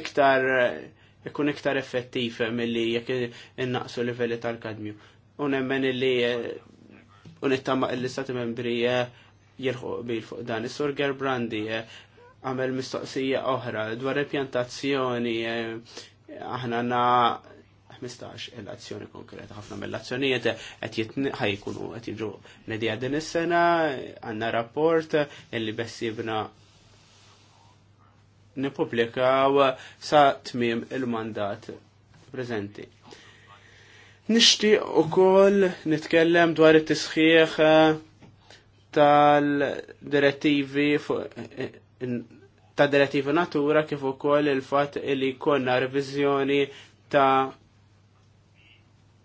iktar ik ikun iktar effettiv milli jekk innaqsu livelli tal-kadmju. U nemmen illi eh, unittama l-istati membri eh, jirħu bil fuq dan. Is-Sur Gerbrandi eh, għamel mistoqsija oħra dwar repjantazzjoni aħna na 15 l-azzjoni konkreta ħafna mill-azzjonijiet qed ħajkunu qed jiġu nedija din is-sena għandna rapport illi bessibna nipublikaw sa tmiem il-mandat prezenti. Nishti u koll nitkellem dwar it-tisħiħ eh, tal-direttivi eh, ta' direttivi natura kif ukoll il-fatt li konna revizjoni ta'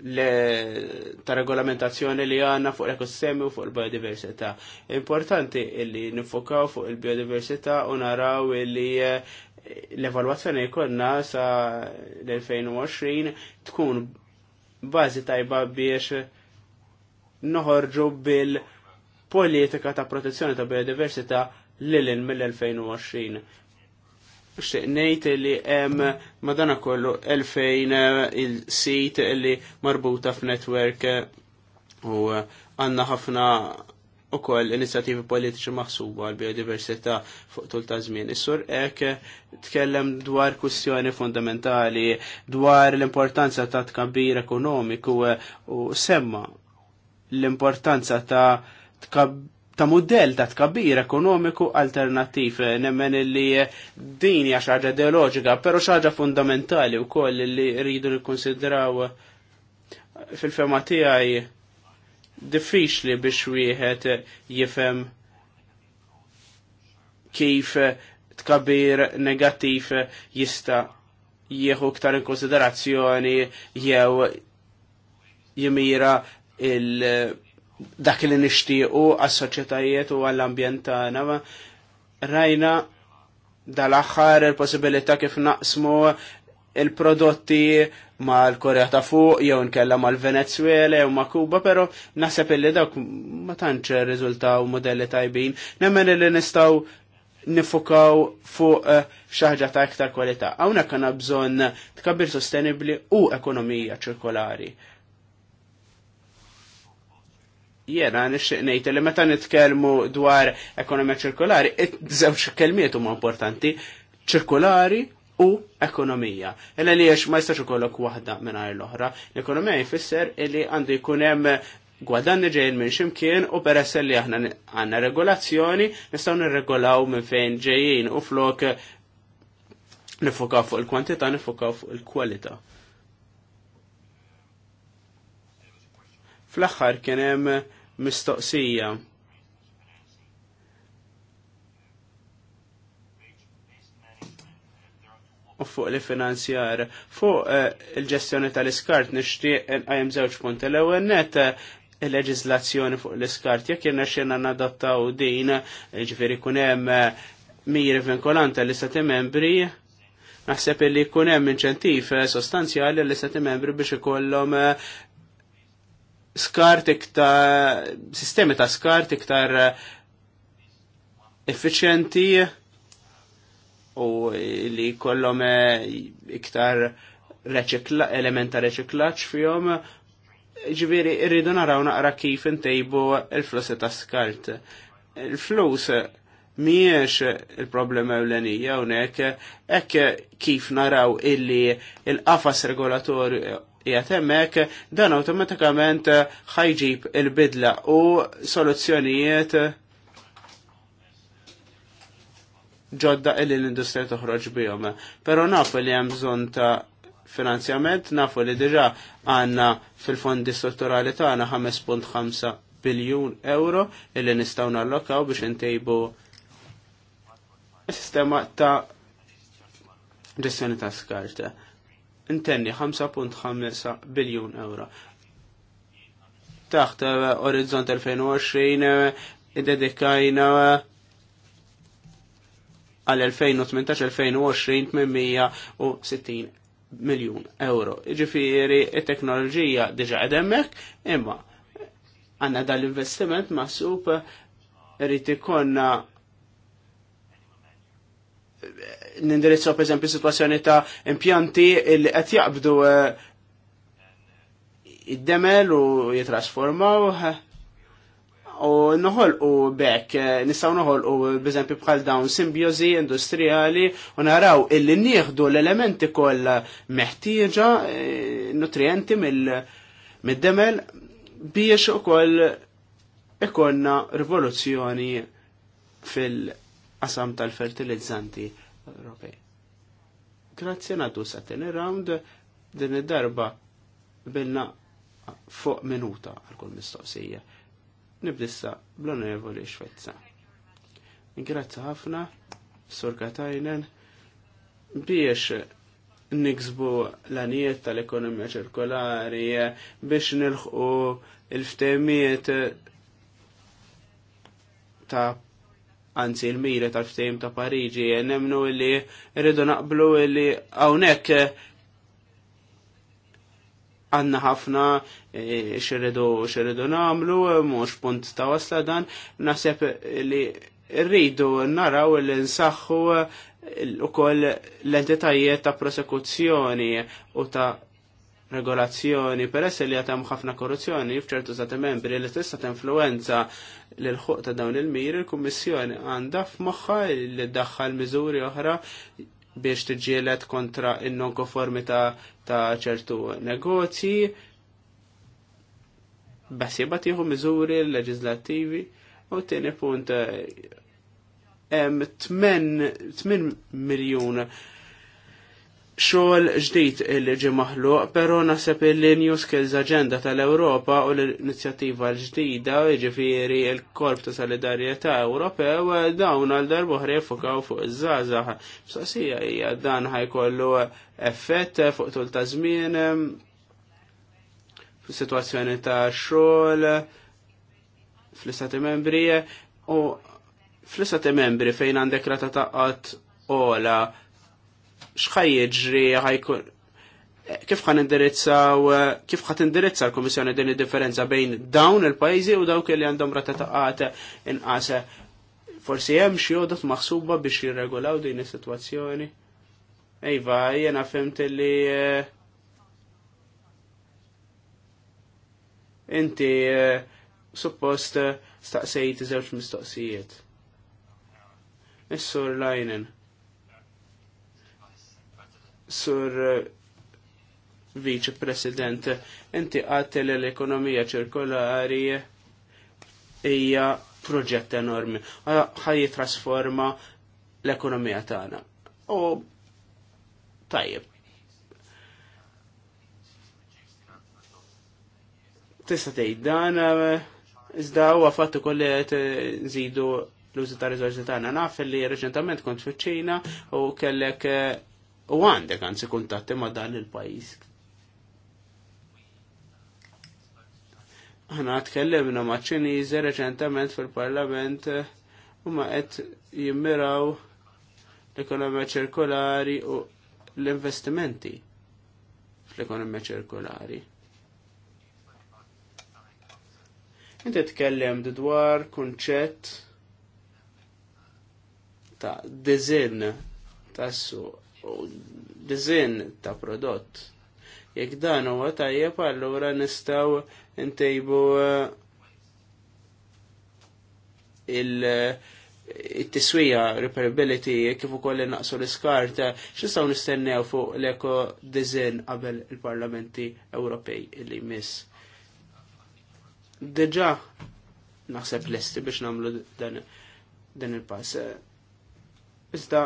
le, ta' regolamentazzjoni li għanna fuq l-ekosistemi u fuq il-biodiversità. Importanti illi nifokaw fuq il-biodiversità u naraw illi eh, l-evalwazzjoni jkollna sa l-2020 tkun bażi tajba biex noħorġu bil-politika ta' protezzjoni ta' biodiversità lil mill-2020 xtiqnejt li hemm madana kollu elfejn eh, il-sit li marbuta f'netwerk eh, u eh, għanna ħafna u koll inizjativi politiċi maħsuba għal biodiversità fuq tul ta' żmien. is ek tkellem dwar kwistjoni fundamentali, dwar l-importanza ta' tkabbir ekonomiku u semma l-importanza ta' tkabbir ta' modell ta' tkabbir ekonomiku alternattiv nemmen li din hija xaġa ideoloġika, però xaġa fundamentali wkoll li rridu nikkonsidraw fil-fema tiegħi diffiċli biex wieħed jifhem kif tkabbir negattiv jista' jieħu iktar in konsiderazzjoni jew jimira il- dak li nixtiequ għas-soċjetajiet u għall-ambjent tagħna. Rajna dal-aħħar il-possibilità kif naqsmu il-prodotti ma l-Korea ta' fuq, jew nkella mal venezuela jew ma' Kuba, però naħseb illi dak ma tantx riżultaw modelli tajbin. Nemmen li nistgħu nifukaw fuq eh, xaħġa ta' iktar kwalità. Hawnhekk għandna bżonn tkabbir sostenibbli u ekonomija ċirkolari. Jena, nixtieq ngħid li meta nitkellmu dwar ekonomija ċirkolari, żewġ kelmiet huma importanti, ċirkolari u ekonomija. Illa li ma jistax ikollok waħda mingħajr l-oħra. L-ekonomija jfisser li għandu jkun hemm gwadanni ġejn minn ximkien u peress li aħna għanna regolazzjoni nistgħu nirregolaw minn fejn ġejjin u flok nifokaw fuq il-kwantità, nifokaw fuq il-kwalità. Fl-aħħar kien hemm mistoqsija. u fuq li finanzjar. Fuq eh, il-ġestjoni tal-iskart nishtiq eh, għajem zewċ punti l ewwel net eh, il-leġizlazzjoni fuq l-iskart jekk jenna xena nadottaw din ġveri kunem miri vinkolanta tal-istati membri naħseb li kunem inċentif sostanzjali li stati membri biex ikollhom skart iktar, sistemi ta' skart iktar eh, efficienti u li kollom eh, iktar element elementa reċiklaċ fjom. Ġviri, irridu naraw naqra kif intejbu il-flus ta' skart. Il-flus miex il-problema ewlenija unek, ekk kif naraw illi il-qafas regolatorju qiegħed hemmhekk dan awtomatikament eh, ħajġib il-bidla u soluzzjonijiet eh, ġodda illi l-industrija toħroġ bihom. Però nafu li hemm bżonn ta' finanzjament, nafu li diġà għandna fil-fondi strutturali tagħna 5.5 biljun euro illi nistgħu nallokaw biex intejbu sistema ta' ġestjoni ta' skarta intenni 5.5 biljun euro. Taħt eh, Orizzont 2020 eh, id-dedikajna eh, għal 2018-2020 miljon euro. Ġifiri, il-teknoloġija diġa għedemmek, imma għanna dal-investiment ma' sup rrit ikonna nindirizzaw per esempio situazzjoni ta' impjanti li qed jaqbdu eh, id-demel u jitrasformaw eh, u noħol u bekk eh, nistaw noħol u b'eżempju bħal dawn simbiozi industrijali u naraw illi nieħdu l-elementi kollha meħtieġa nutrienti mill-demel biex ukoll ikonna rivoluzzjoni fil- qasam tal-fertilizzanti Ewropej. Grazzi nagħtu sa tieni round din id-darba bilna fuq minuta għal kull mistoqsija. Nibdissa bl-onorevoli Xvezza. Grazzi ħafna, Sur Katajnen, biex niksbu l-anijiet tal-ekonomija ċirkolari, biex nilħqu il-ftemijiet ta' anzi il-mira tal-ftejm ta' Pariġi, nemnu li rridu naqblu li hawnhekk għanna ħafna e, xirridu xirridu namlu, mux punt ta' wasla dan, naħseb li rridu naraw li nsaħħu u l-entitajiet ta' prosekuzzjoni u ta' regolazzjoni, peress li għatam ħafna korruzzjoni fċertu zate membri li tista' influenza l ħuq ta' dawn il-mir, il-Kummissjoni għandha f'moħħa li daħħal miżuri oħra biex tiġielet kontra in-nonkonformità ta' ċertu negozji, basiba tieħu miżuri leġislattivi u t-tieni punt hemm eh, 8 miljun xogħol ġdid illi ġie maħluq, però naħseb il New Skills Agenda tal-Ewropa u l-inizjattiva l-ġdida, jiġifieri l-Korp ta' Solidarjetà u dawn għal darbohra jiffokaw fuq iż-żgħażagħ. Sosija hija dan ħajkollu effett fuq tul ta' żmien fis-sitwazzjoni ta' xogħol fl-istati membri u fl-istati membri fejn għandek rata ta' qatt ola xħajġri ħajkun kif ħan indirizzaw, kif ħat indirizza l-Komissjoni din id-differenza bejn dawn il-pajzi u dawk li għandhom rata taqat inqas. Forsi hemm xi għodot maħsuba biex jirregolaw din is-sitwazzjoni. Ejva, jena fimt li eh, inti eh, suppost staqsejt żewġ mistoqsijiet. Is-sur Lajnen sur eh, Vice President, inti għattel l-ekonomija ċirkolari hija proġett enormi. Ħaj trasforma l-ekonomija tagħna. U tajjeb. Tista' tgħid dan eh, iżda huwa fatt ukoll qed eh, nżidu l-użu ta' riżorsi tagħna. Naf li reċentament kont fiċ-Ċina u kellek U għandek għanzi kuntatti ma dan il-pajis. Għana tkellimna ma ċinizi reċentament fil-parlament eh, u ma għed jimmiraw l-ekonomija ċirkolari u l-investimenti fl-ekonomija ċirkolari. Inti tkellem dwar kunċett ta' dizin ta' suq dizin ta' prodott. Jekk dan huwa tajjeb allura nistgħu ntejbu eh, il-tiswija eh, reparability kif ukoll naqsu l-iskart x'istgħu nistennew fuq l-eko design qabel il-Parlamenti Ewropej li jmiss. Deġa naħseb lesti biex nagħmlu dan il-pass. Iżda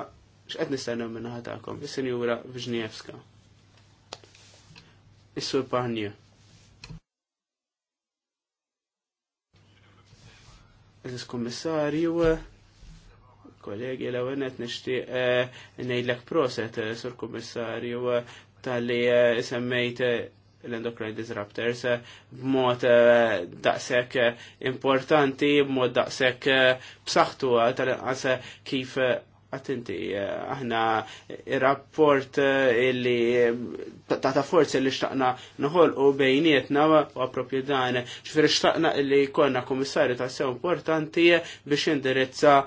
x'qed nistennew minn ħadakom, is-Sinjura Viġnievska. Is-Sur Panja. Il-Kummissarju, kollegi l-ewwel qed nixtieq eh, ngħidlek proset eh, sur Kummissarju tal-li eh, semmejt l-endocrine disruptors b'mod daqshekk importanti, b'mod daqshekk b'saħħtu tal-inqas kif attenti, eh, aħna il-rapport eh, illi ta' forzi li xtaqna nħol u bejnietna u appropju dan, ċifri xtaqna illi konna komissarju ta' sew importanti biex indirizza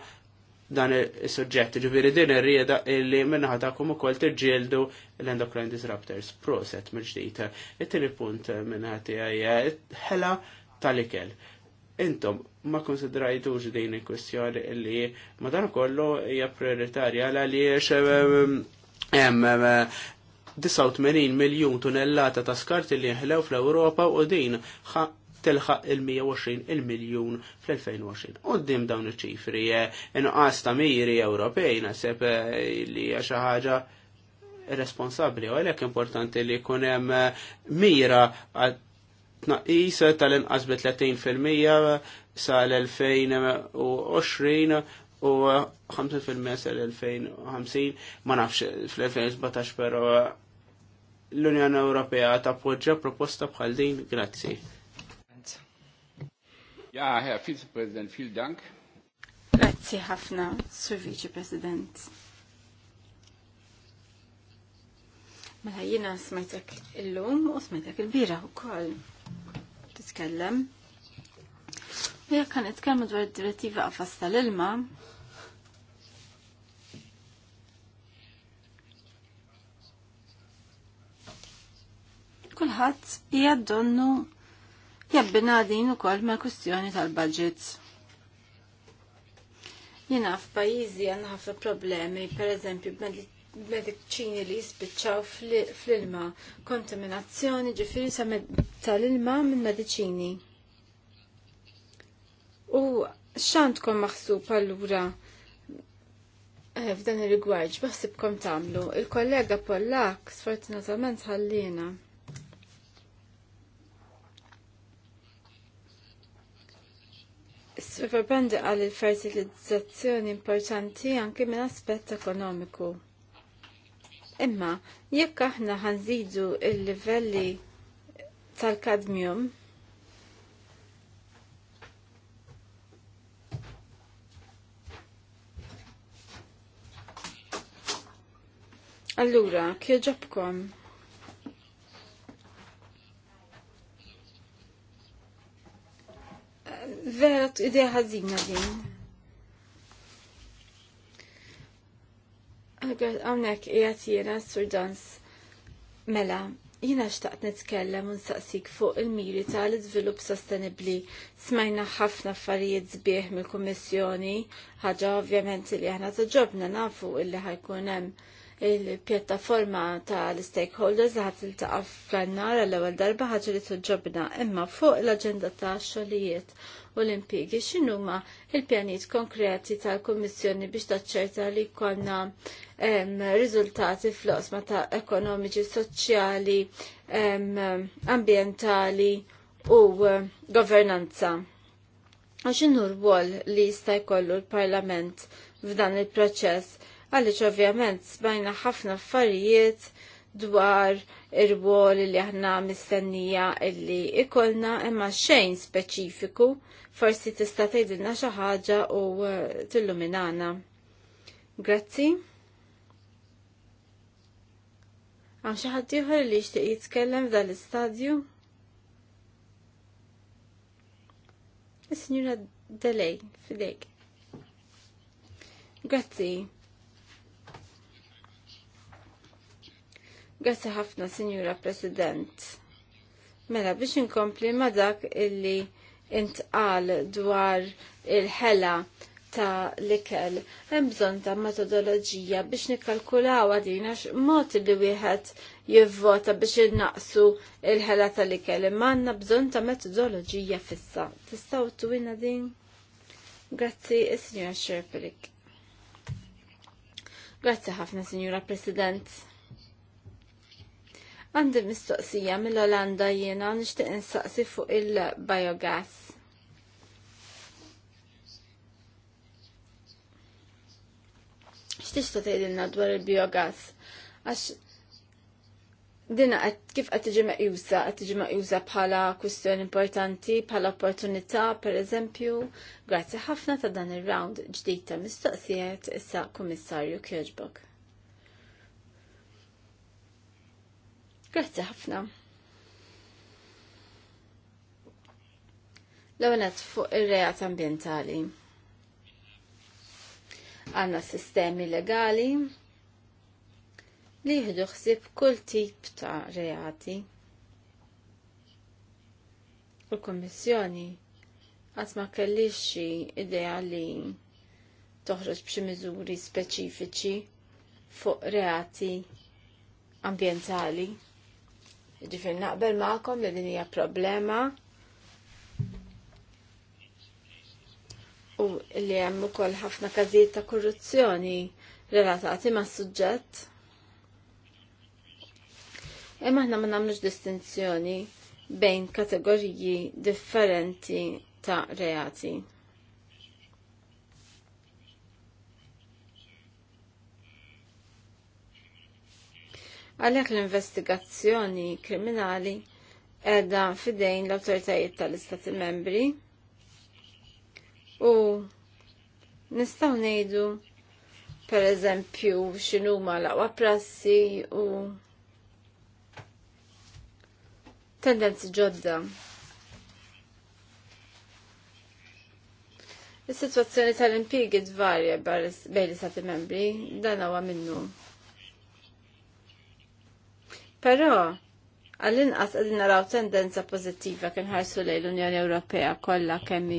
dan il-sujġett, ġifiri din il rieda illi minnaħa kumu ukoll tirġieldu l-endocrine disruptors, proset mill-ġdid. It-tieni punt minnaħa tiegħi eh, ħela tal-ikel. Intom, ma konsidrajtux din il-kwestjoni li ma dan kollu hija prioritarja għaliex hemm 89 ehm, ehm, miljun tunellata ta' skarti li jħlew fl-Ewropa u din telħa il-120 il-miljun fl-2020. d-dim dawn iċ-ċifri, eh, inqas ta' miri Ewropej naħseb eh, li hija xi ħaġa responsabbli u għalhekk importanti li jkun hemm eh, mira tnaqqis tal-inqas bi 30% sal-2020 u 5% sal-2050 ma nafx fl-2017 pero l-Unjoni Ewropea ta' tappoġġa proposta bħal din grazzi. Ja, Herr Vizepresident, vielen Dank. Grazzi ħafna, Sur Vizepresident. Mela jina smajtek il-lum u smajtek il-bira u wkoll titkellem. Ja jekk kan itkellmu dwar id-direttiva qafas tal-ilma, kulħadd hija donnu jabbina din ukoll mal-kwistjoni tal-budget. Jiena f'pajjiżi għandna ħafna problemi, pereżempju mediċini li jispiċċaw fl-ilma, kontaminazzjoni ġifiri sa tal-ilma minn mediċini. U x'għandkom maħsub allura eh, f'dan ir-rigward x'baħsibkom tagħmlu? Il-kollega Pollak sfortunatament ħallina. Superbendi għal il-fertilizzazzjoni importanti anke minn aspett ekonomiku. Imma jekk aħna ħanżidu il-livelli tal-kadmium Allura, kieġabkom. Vera idea ħażina din. għamnek jgħat jena s Dans mela jina xtaqt nitkellem un saqsik fuq il-miri tal-izvilup sostenibli. Smajna ħafna affarijiet zbieħ mill-Kummissjoni, ħaġa ovvjament li aħna ġobna nafu illi ħajkun hemm il-pjattaforma tal-stakeholders li ħat iltaqa' f'Jannar l ewwel darba ħaġa li ġobna imma fuq l-aġenda ta' xogħlijiet u l x'inhuma il-pjanijiet konkreti tal-Kummissjoni biex taċċerta li jkollna riżultati fl ma ta' ekonomiċi, soċjali, ambientali u eh, governanza. Għaxin rwol li jista' jkollu l-Parlament f'dan il-proċess għaliex ovvjament smajna ħafna affarijiet dwar ir-rwol li aħna mistennija illi ikolna imma xejn speċifiku forsi tista' tgħidilna xi ħaġa u eh, tilluminana. Grazzi. Għam xi ħadd ieħor li jixtieq jitkellem f'dan l-istadju? Is-Sinjura Delej, fidejk. Grazzi. Grazzi ħafna, Signora President. Mela biex inkompli ma dak illi intqal dwar il-ħela ta' l-ikel. Hemm bżonn ta' metodoloġija biex nikkalkulaw għax mod li wieħed jivvota biex innaqsu il-ħela tal-ikel. Imma għandna bżonn ta' metodoloġija fissa. Tistgħu twina din? Grazzi, is-Sinjora Grazzi ħafna, Signora President. Għandi mistoqsija mill-Olanda jiena nixtieq insaqsi fuq il-biogas tista' tgħidilna dwar il-biogas għax dina kif qed tiġi meqjusa, qed tiġi meqjusa bħala kwistjoni importanti, bħala opportunità pereżempju. Grazzi ħafna ta' dan ir-round ġdid ta' mistoqsijiet issa Kummissarju Kirchbog. Grazzi ħafna. L-għonet fuq ir-reat ambientali għanna sistemi legali li jihdu xsib kull tip ta' reati. U l-Kommissjoni għat ma kellix idea li toħroġ b'xi miżuri speċifiċi fuq reati ambientali. Ġifir naqbel ma'kom li din hija problema u li hemm ukoll ħafna każijiet ta' korruzzjoni relatati ma' suġġett. Imma aħna ma nagħmlux distinzjoni bejn kategoriji differenti ta' reati. għalhekk l-investigazzjoni kriminali edha fidejn l-autoritajiet tal-Istati membri u nistaw nejdu per eżempju x'inhuma l-aqwa prassi u tendenzi ġodda. Is-sitwazzjoni tal-impjiegi varja bejn li istati membri dan huwa minnu. Però, għall-inqas għadin naraw tendenza pozittiva kien ħarsu lejn l-Unjoni Ewropea kollha kemm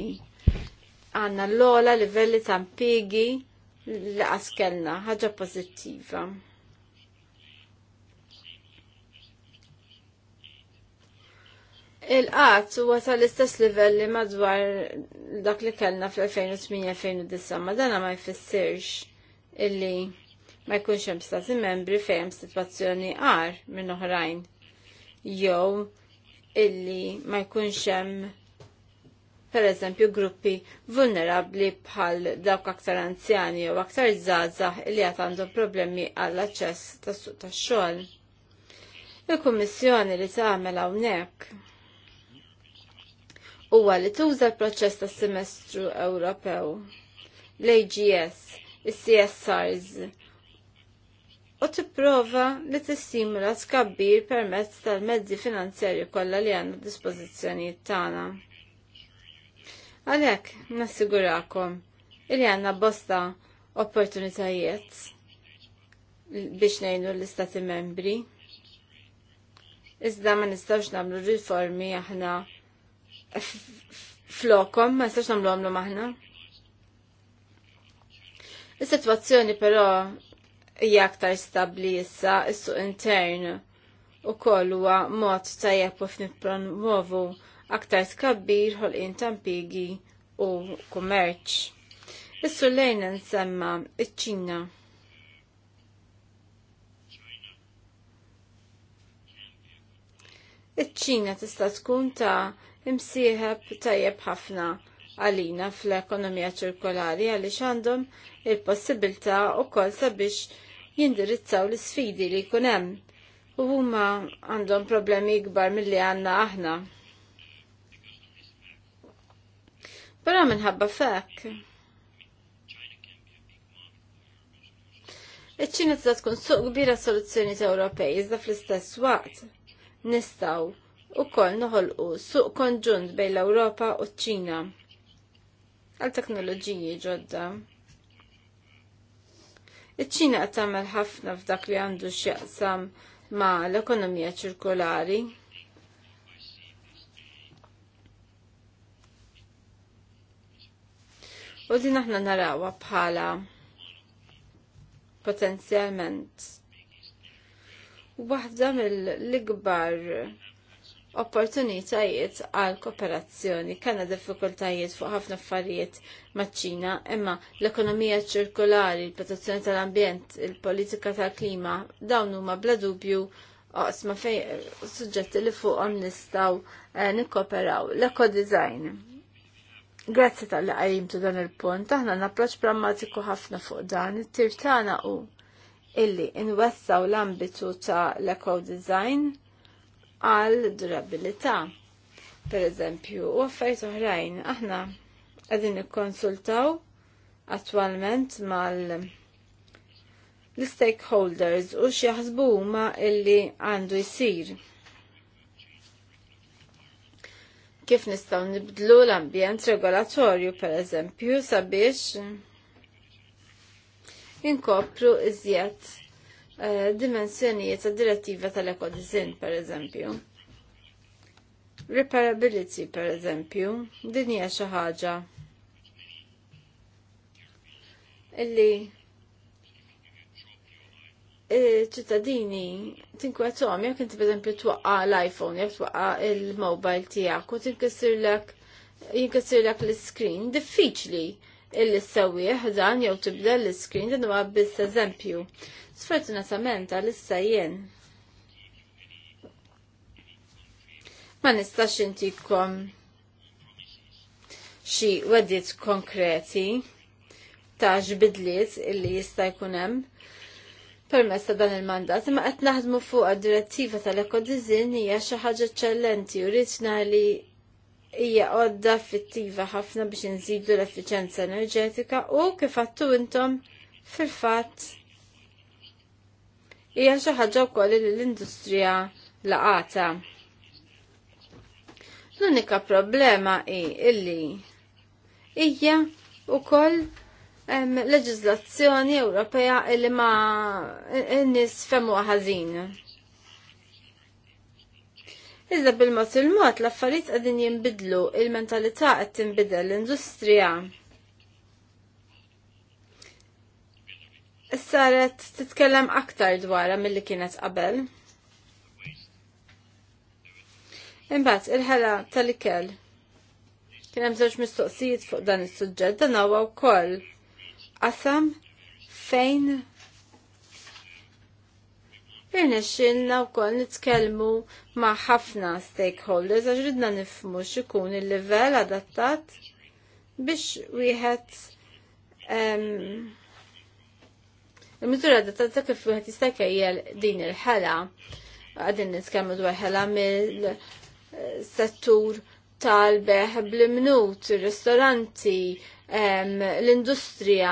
għanna l-ola livelli ta' impigi li għaskelna, ħaġa pozittiva. Il-qat huwa tal-istess livelli madwar dak li kellna fl-2008-2009, ma dana ma jfissirx illi ma jkunx hemm stati membri fejn hemm sitwazzjoni għar minn oħrajn jew illi ma jkunx hemm per eżempju gruppi vulnerabli bħal dawk aktar anzjani jew aktar żgħażagħ li għad għandhom problemi għall aċċess tas-suq tax-xogħol. Il-Kummissjoni li tagħmel hawnhekk huwa li tuża l-proċess tas-semestru Ewropew l-AGS, il csrs u tipprova li tistimula skabbir permezz tal-mezzi finanzjarji kollha li għandna dispożizzjonijiet tagħna. Għalek, nassigurakom, il għanna bosta opportunitajiet biex nejnu l-istati membri. Iżda ma nistawx namlu riformi aħna flokom, ma nistawx namlu għamlu maħna. Is-situazzjoni però hija aktar stabbli issa, is-suq intern u kollu mod tajjeb u f'nippromovu aktar tkabbir ħolqien intampigi u kummerċ. Issu lejna nsemma iċ-Ċina. Iċ-Ċina tista' tkun ta' imsieħab tajjeb ħafna għalina fl-ekonomija ċirkolari għaliex għandhom il-possibilità wkoll sabiex jindirizzaw l isfidi li jkun hemm u huma għandhom problemi ikbar milli għandna aħna. Però minħabba fekk. Iċ-ċina tista' tkun suq kbira soluzzjoni Ewropej iżda fl-istess waqt nistgħu ukoll noħolqu suq konġunt bejn l-Ewropa u ċ-Ċina għal teknoloġiji ġodda. Iċ-Ċina qed tagħmel ħafna f'dak li għandu x'jaqsam ma' l-ekonomija ċirkolari. U din aħna narawha bħala potenzjalment waħda mill-ikbar opportunitajiet għal kooperazzjoni kanna diffikultajiet fuq ħafna affarijiet maċ-Ċina, imma l-ekonomija ċirkolari, l protezzjoni tal-ambjent, il-politika tal-klima, dawn huma bla dubju oqsma fej suġġetti li fuqhom nistgħu eh, nikkoperaw l-eco design Grazzi tal-li għajimtu dan il-punt, aħna napproċ prammatiku ħafna fuq dan, tirtana tagħna u illi inwessaw l-ambitu ta' l-eco design għal durabilità. Per eżempju, u affarijiet oħrajn, aħna qegħdin nikkonsultaw attwalment mal l-stakeholders u xieħzbu ma illi għandu jisir kif nistgħu nibdlu l-ambjent regolatorju pereżempju sabiex inkopru iżjed eh, dimensjonijiet ta' direttiva tal-ekodizin pereżempju. Reparability pereżempju, din hija xi ħaġa illi ċittadini tinkwetom jekk inti pereżempju twaqqa l-iPhone jek twaqqa il-mobile tiegħek u tinkissirlek jinkissirlek l-screen diffiċli illi ssewwieħ dan jew tibda l-screen dan huwa biss eżempju. Sfortunatament għalissa jien ma nistax intikom xi wedit konkreti ta' ġbidliet illi jista' jkun hemm permess ta' dan il-mandat, imma qed naħdmu fuq għad-direttiva tal-ekodizin hija xi ħaġa eċċellenti u li hija għodda effettiva ħafna biex inżidu l-effiċenza enerġetika u kif għattu intom fil-fatt hija xi ħaġa wkoll li l-industrija laqata. L-unika problema hi illi hija wkoll leġizlazzjoni Ewropea li ma n-nis femu ħażin. Iżda bil-mod il-mod l-affarijiet qegħdin jinbidlu, il-mentalità qed tinbidel l-industrija. Saret titkellem aktar mill milli kienet qabel. Imbagħad il-ħela tal-ikel. Kien hemm żewġ mistoqsijiet fuq dan is-suġġett dan huwa wkoll qasam fejn u wkoll nitkellmu ma' ħafna stakeholders għax ridna nifhmu x'ikun il-livell adattat biex wieħed il adattat ta' kif wieħed jista' din il-ħela għadin nitkellmu dwar ħela mill-settur tal-beħ bl-imnut, il-ristoranti, l-industrija,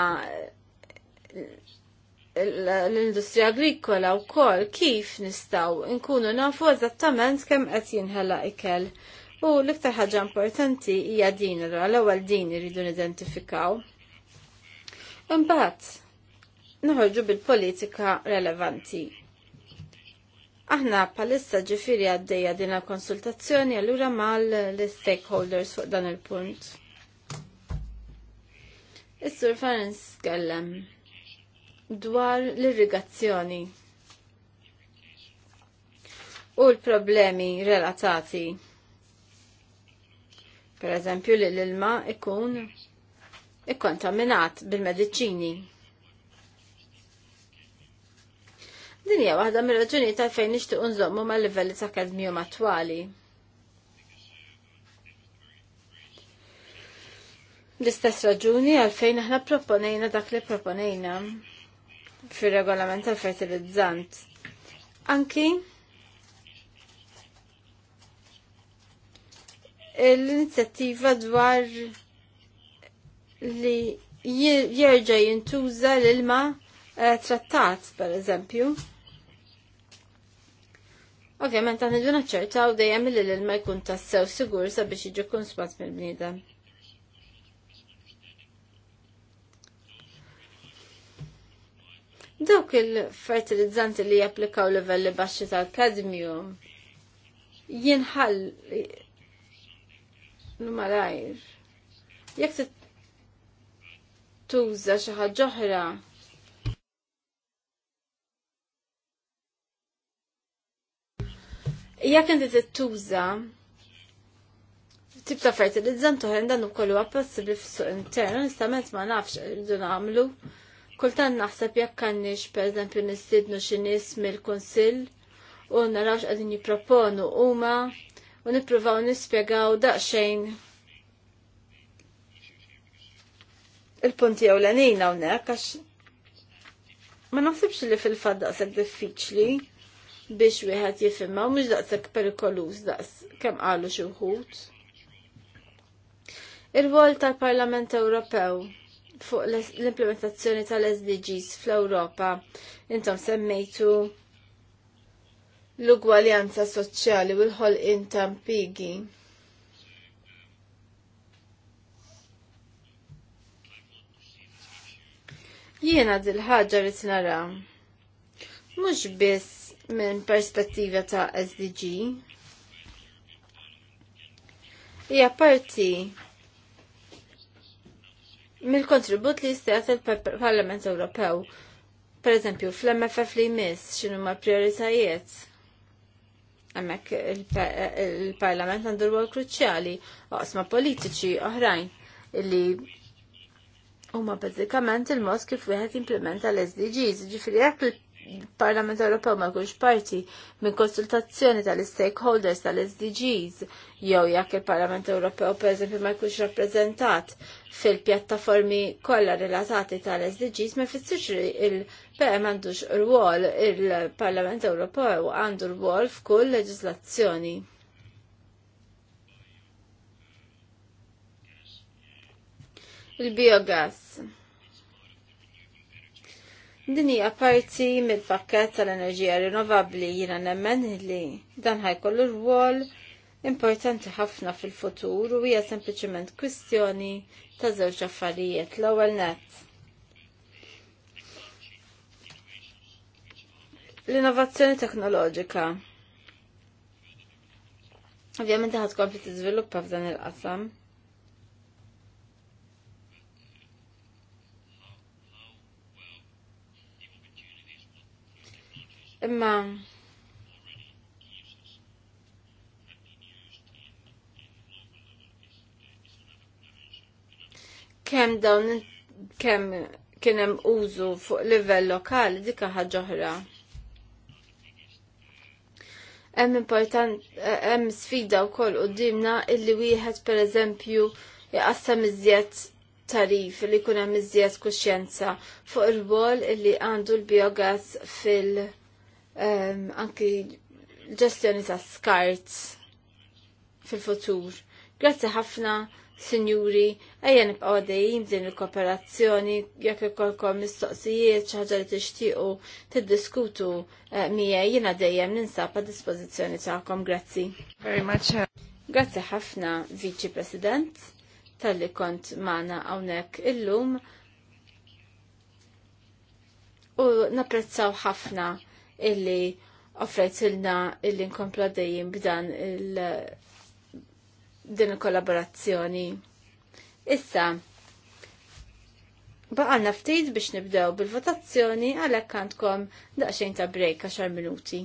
l-industrija agrikola u kol, kif nistaw nkunu nafu eżattament kemm qed jinħella ikel. U l-iktar ħaġa importanti hija din allura l-ewwel din iridu nidentifikaw. Imbagħad noħorġu bil-politika relevanti Aħna palissa ġifiri għaddeja din konsultazzjoni allura mal l-stakeholders fuq dan il-punt. Is-Sur Farens kellem dwar l-irrigazzjoni u l-problemi relatati. Per eżempju li l-ilma ikun ikkontaminat bil-mediċini. Din hija waħda mir-raġunijiet ta' fejn nixtieq nżommu mal-livelli ta' kadmjum attwali. L-istess raġuni għalfejn aħna proponejna dak li proponejna fir regolament tal-fertilizzant. Anki l-inizjattiva dwar li jerġa' jintuża l-ilma eh, trattat, per eżempju. Ovvjament għan ċerta naċċertaw dejjem li l-ilma jkun tassew sigur sabiex kun konsmat mill-bniedem. Dawk il-fertilizzanti li japplikaw livelli baxxi tal-kadmium jinħall l-malajr. Jek tuża xi ħaġa oħra Jekk inti tittuża tip ta' fertilizzant oħra dan ukoll huwa possibbli fis-suq intern, istament ma nafx irridu nagħmlu. Kultan naħseb jekk għandniex pereżempju nistiednu xi nies mill-kunsill u narawx qegħdin jipproponu huma u nippruvaw nispjegaw daqsxejn il-punti ewlenin hawnhekk għax ma nafsibx li fil-fatt daqshekk diffiċli biex wieħed jifimma u mhux daqshekk perikolus daqs kemm qalu xi wħud. Ir-rwol tal-Parlament Ewropew fuq l-implementazzjoni tal-SDGs fl-Ewropa intom semmejtu l-ugwaljanza soċjali u l-ħolqien ta' impigi. Jiena dil-ħaġa li t-nara. Mux biss minn perspettiva ta' SDG. Hija parti mill-kontribut li jistgħat il-Parlament Ewropew. Per eżempju, fl-MFF li jmiss xinu ma' prioritajiet. Hemmhekk il-Parlament għandu rwol kruċjali oqsma politiċi oħrajn li huma bażikament il-mod kif wieħed implementa l-SDGs, ġifieri jekk il-Parlament Ewropew ma kux parti minn konsultazzjoni tal-stakeholders tal-SDGs jew jekk il-Parlament Ewropew pereżempju ma jkunx rappreżentat fil-pjattaformi kollha relatati tal-SDGs ma jfissirx il-PM għandux rwol il-Parlament Ewropew għandu rwol f'kull leġislazzjoni. Il-biogas. Din hija parti mill-pakket tal-enerġija rinnovabbli jiena nemmen li dan ħajkollu rwol importanti ħafna fil-futur u hija sempliċement kwistjoni ta' żewġ affarijiet l-ewwel nett. L-innovazzjoni teknoloġika Ovvjament ħad kompli tiżviluppa f'dan il-qasam. Imma kemm dawn kemm kien hemm użu fuq livell lokali dika ħaġa oħra. Hemm important hemm sfida wkoll qudiemna illi wieħed pereżempju jaqassam iżjed tarif li jkun hemm iżjed kuxjenza fuq ir-rwol illi għandu l-biogas fil- um, anki ġestjoni ta' skart fil-futur. Grazzi ħafna, sinjuri, ejja nibqa' għadejjim din il-kooperazzjoni, jekk ikolkom mistoqsijiet xi ħaġa li tixtiequ tiddiskutu eh, miegħi jiena dejjem ninsab għad dispożizzjoni tagħkom. Grazzi. Very much. Uh, Grazzi ħafna, Viċi President, tal-li kont magħna hawnhekk illum u napprezzaw ħafna illi offret ilna illi nkomplu għaddejjim b'dan il- din il-kollaborazzjoni. Issa, baqalna ftit biex nibdew bil-votazzjoni għalhekk għandkom daqsxejn ta' break għaxar minuti.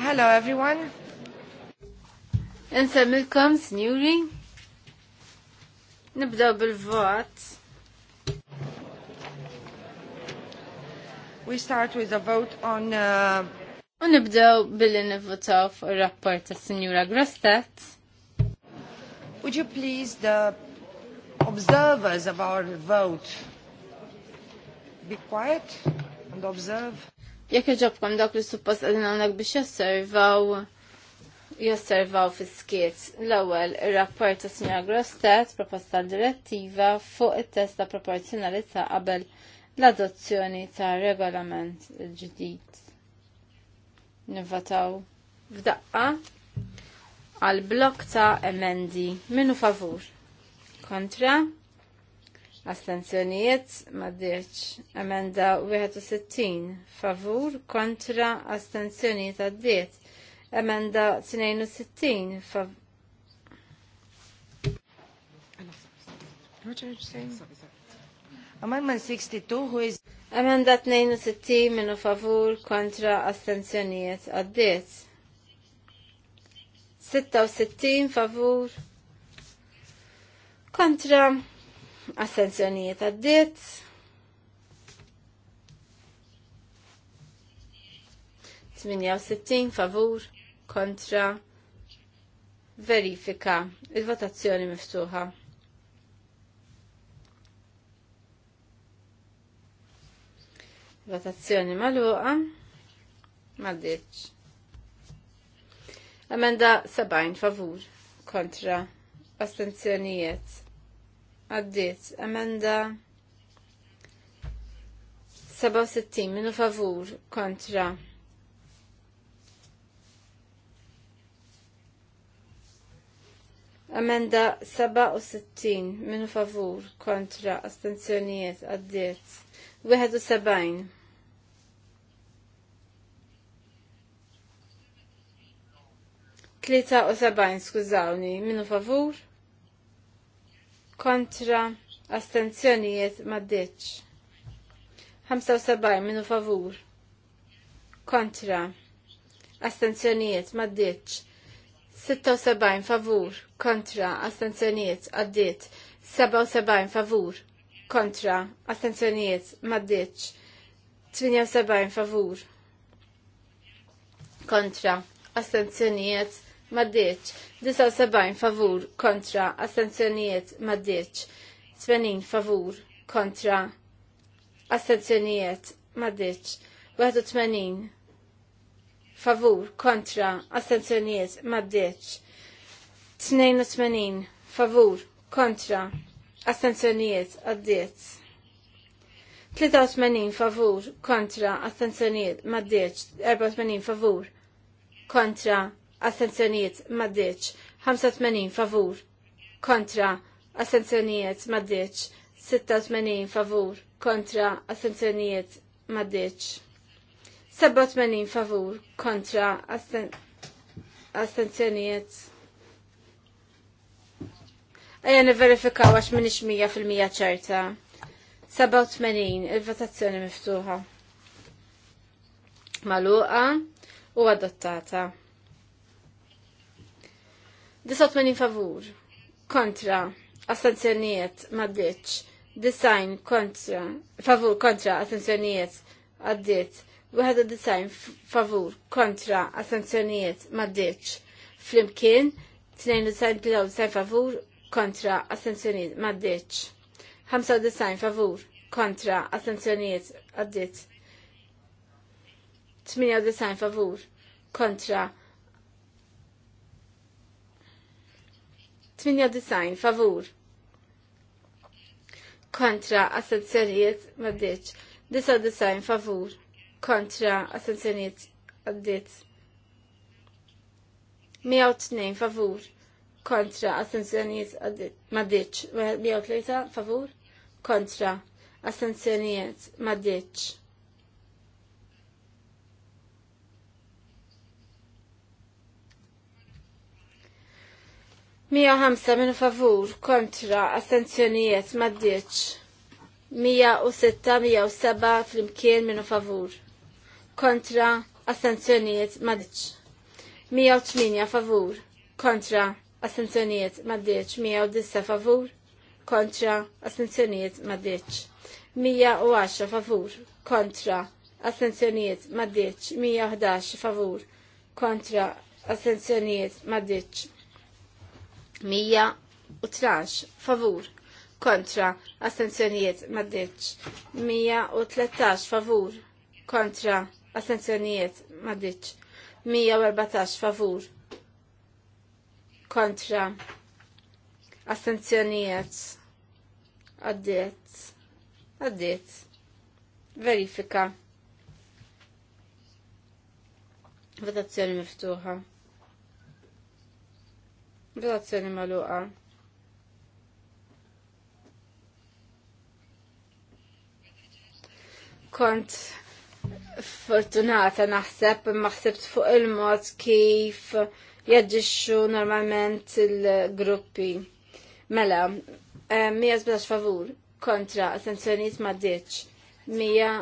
Hello everyone. Nsemmilkom, snuri. Nibdaw bil-vot. We start with a vote on... Uh... Unibdaw billi nivvotaw fuq il-rapport ta' Sinjura Grostet. Would you please the observers of our vote be quiet and observe? jekk iġobkom dak li suppost għadin għonek biex jasservaw jasservaw fiskiet. L-ewwel ir-rapport ta' Sinja Grostet proposta direttiva fuq it-test ta' proporzjonalità qabel l-adozzjoni ta' regolament il-ġdid. Nivvataw f'daqqa għal blok ta' emendi. Minu favur? Kontra? astenzjonijiet maddiċ. Emenda 61 favur kontra astenzjonijiet għaddiet. Emenda 62 favur. Amendment 62 who is Amenda 62 minu favur kontra astenzjonijiet għaddiet. 66 favur kontra Assenzjonijiet għaddit. sittin favur kontra verifika il-votazzjoni miftuħa. Votazzjoni maluqa maddiċ. Amenda 70 favur kontra astenzjonijiet għaddiet. emenda 67 minu favur kontra. Amenda 67 minu favur kontra astenzjonijiet għaddiet. 71. Tlita u sabajn, skużawni, minu favur? kontra astenzjonijiet maddeċ. 75 minu favur kontra astenzjonijiet maddeċ. 76 favur kontra astenzjonijiet għaddiet. 77 favur kontra astenzjonijiet maddeċ. 78 favur kontra astenzjonijiet maddiċ, 79 favur kontra astenzjonijiet maddiċ, 80 favur kontra astenzjonijiet maddiċ, 81 favur kontra astenzjonijiet maddiċ, 82 favur kontra astenzjonijiet għaddiċ. 83 favur kontra astenzjonijiet maddiċ, 84 favur kontra assenzjonijiet maddeċ 85 favur kontra assenzjonijiet maddeċ 86 favur kontra assenzjonijiet maddeċ 87 favur kontra assenzjonijiet. Ejja niverifikaw għax minix 100% ċerta. 87 il-votazzjoni miftuħa. Maluqa u adottata. 89 favur kontra astenzjonijiet maddiċ. Design kontra favur kontra astenzjonijiet għaddiet. Wieħed design favur kontra astenzjonijiet maddiċ. Flimkien 92 favur kontra astenzjonijiet maddiċ. design favur kontra astenzjonijiet 8 design favur kontra design, favur kontra assenzjoniet Disa design, favur kontra assenzjoniet għaddit 102 favur kontra assenzjoniet maddiċ 103 favur kontra assenzjoniet maddiċ 105 minn favur kontra astenzjonijiet maddiċ. 106-107 fl-imkien minn favur kontra astenzjonijiet maddiċ. 108 favur kontra astenzjonijiet maddiċ. 109 favur kontra astenzjonijiet maddiċ. 110 favur kontra astenzjonijiet maddiċ. 111 favur kontra astenzjonijiet maddiċ trax, favur kontra astenzjonijiet u 113 favur kontra astenzjonijiet u erbatax, favur kontra astenzjonijiet għaddiet għaddiet verifika votazzjoni miftuħa Relazzjoni maluqa. Kont fortunata naħseb, maħsebt fuq il-mod kif jaġixxu normalment il-gruppi. Mela, eh, mija zbatax favur kontra assenzjonijiet ma ditx, mija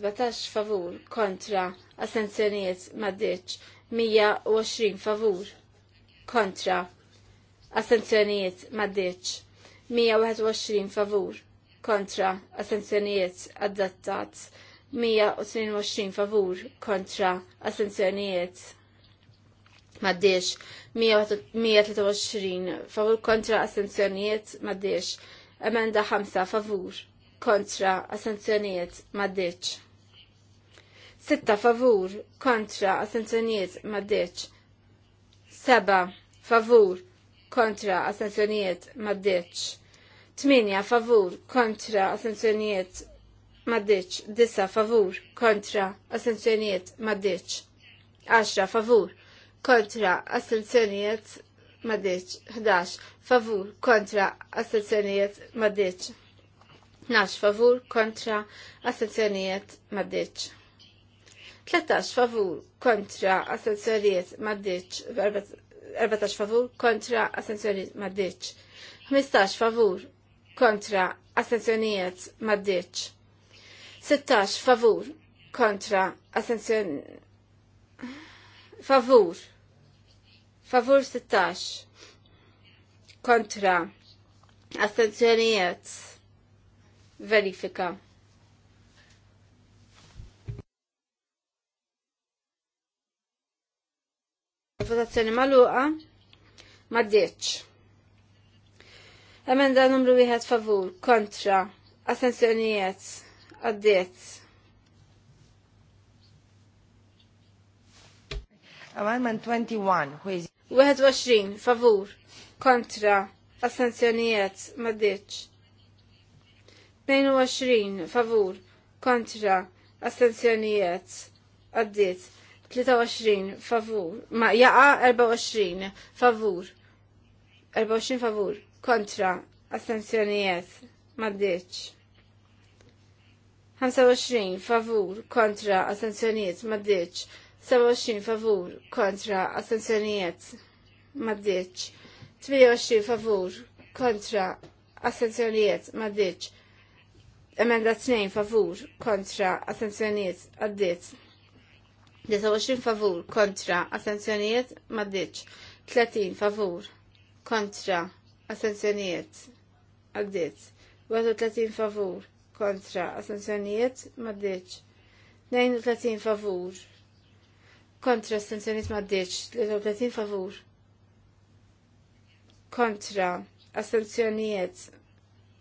zbatax favur kontra assenzjonijiet ma ditx, mija u favur kontra assenzjonijiet maddeċ. 121 favur kontra assenzjonijiet adattat 122 favur kontra assenzjonijiet maddeċ. 123 favur kontra assenzjonijiet maddeċ. emenda 5 favur kontra assenzjonijiet maddeċ. 6 favur kontra assenzjonijiet maddeċ. Seba favur kontra assenzjonijiet maddiċ. Tminja favur kontra assenzjonijiet maddiċ. Disa favur kontra assenzjonijiet maddiċ. Għaxra favur kontra assenzjonijiet maddiċ. 11 favur kontra assenzjonijiet maddiċ. 12 favur kontra assenzjonijiet maddiċ. 13 favur kontra asensoriet maddiċ, 14 favur kontra asensoriet maddiċ, 15 favur kontra asensoriet maddiċ, 16 favur kontra assenzjoniet favur favur 16 kontra astenzjonijiet verifika Votazzjoni maluqa ma ddiċ. Emenda numru wieħed favur kontra astensjonijiet għaddiet. Amendment 21, who 21, favur, kontra, astensjonijiet, maddiċ. 22, favur, kontra, astensjonijiet, għaddiet. 23 favur, ma jaqa 24 favur, 24 favur, kontra, astensjonijiet, maddiċ. 25 favur, kontra, astensjonijiet, maddiċ. 27 favur, kontra, astensjonijiet, maddiċ. 28 favur, kontra, astensjonijiet, maddiċ. Emenda 2 favur, kontra, astensjonijiet, addiċ. 29 favur kontra astenzjonijiet maddiċ. 30 favur kontra astenzjonijiet għaddit. 31 favur kontra astenzjonijiet maddiċ. 32 favur kontra astenzjonijiet maddiċ. 33 favur kontra astenzjonijiet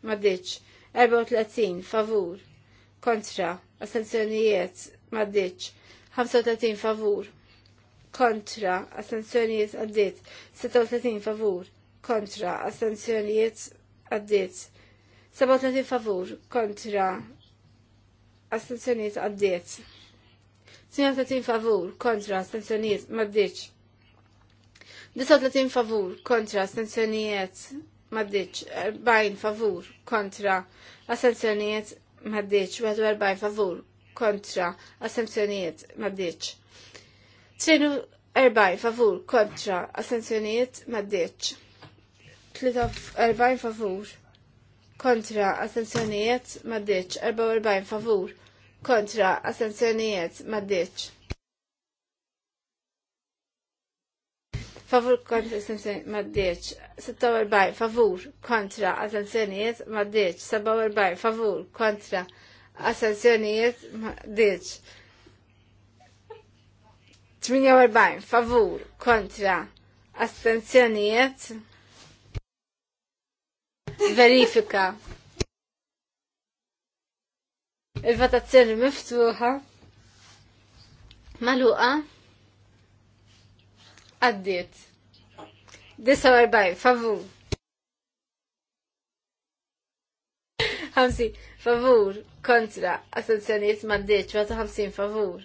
maddiċ. 34 favur kontra astenzjonijiet maddiċ. 35 favur kontra astenzjonijiet għaddit 36 favur kontra astenzjonijiet għaddit 37 favur kontra astenzjonijiet għaddit 36 favur kontra astenzjonijiet maddiċ 39 favur kontra astenzjonijiet maddiċ 40 favur kontra astenzjonijiet maddiċ 41 favur kontra assenzjonijiet Trenu 42 favur kontra assenzjonijiet Tlita 43 favur kontra assenzjonijiet maddiċ. 44 favur kontra assenzjonijiet maddiċ. favur kontra sanzjoniet maddeċ, erbaj, favur kontra għazanzjoniet maddeċ, 47 favur kontra Assenzjonijiet diċ. 48 favur kontra astenzjonijiet. Verifika. Il-votazzjoni miftuħa. Maluqa. Għaddiet. 49 favur. 50 favur kontra astenzjonijiet maddiċ 50 favur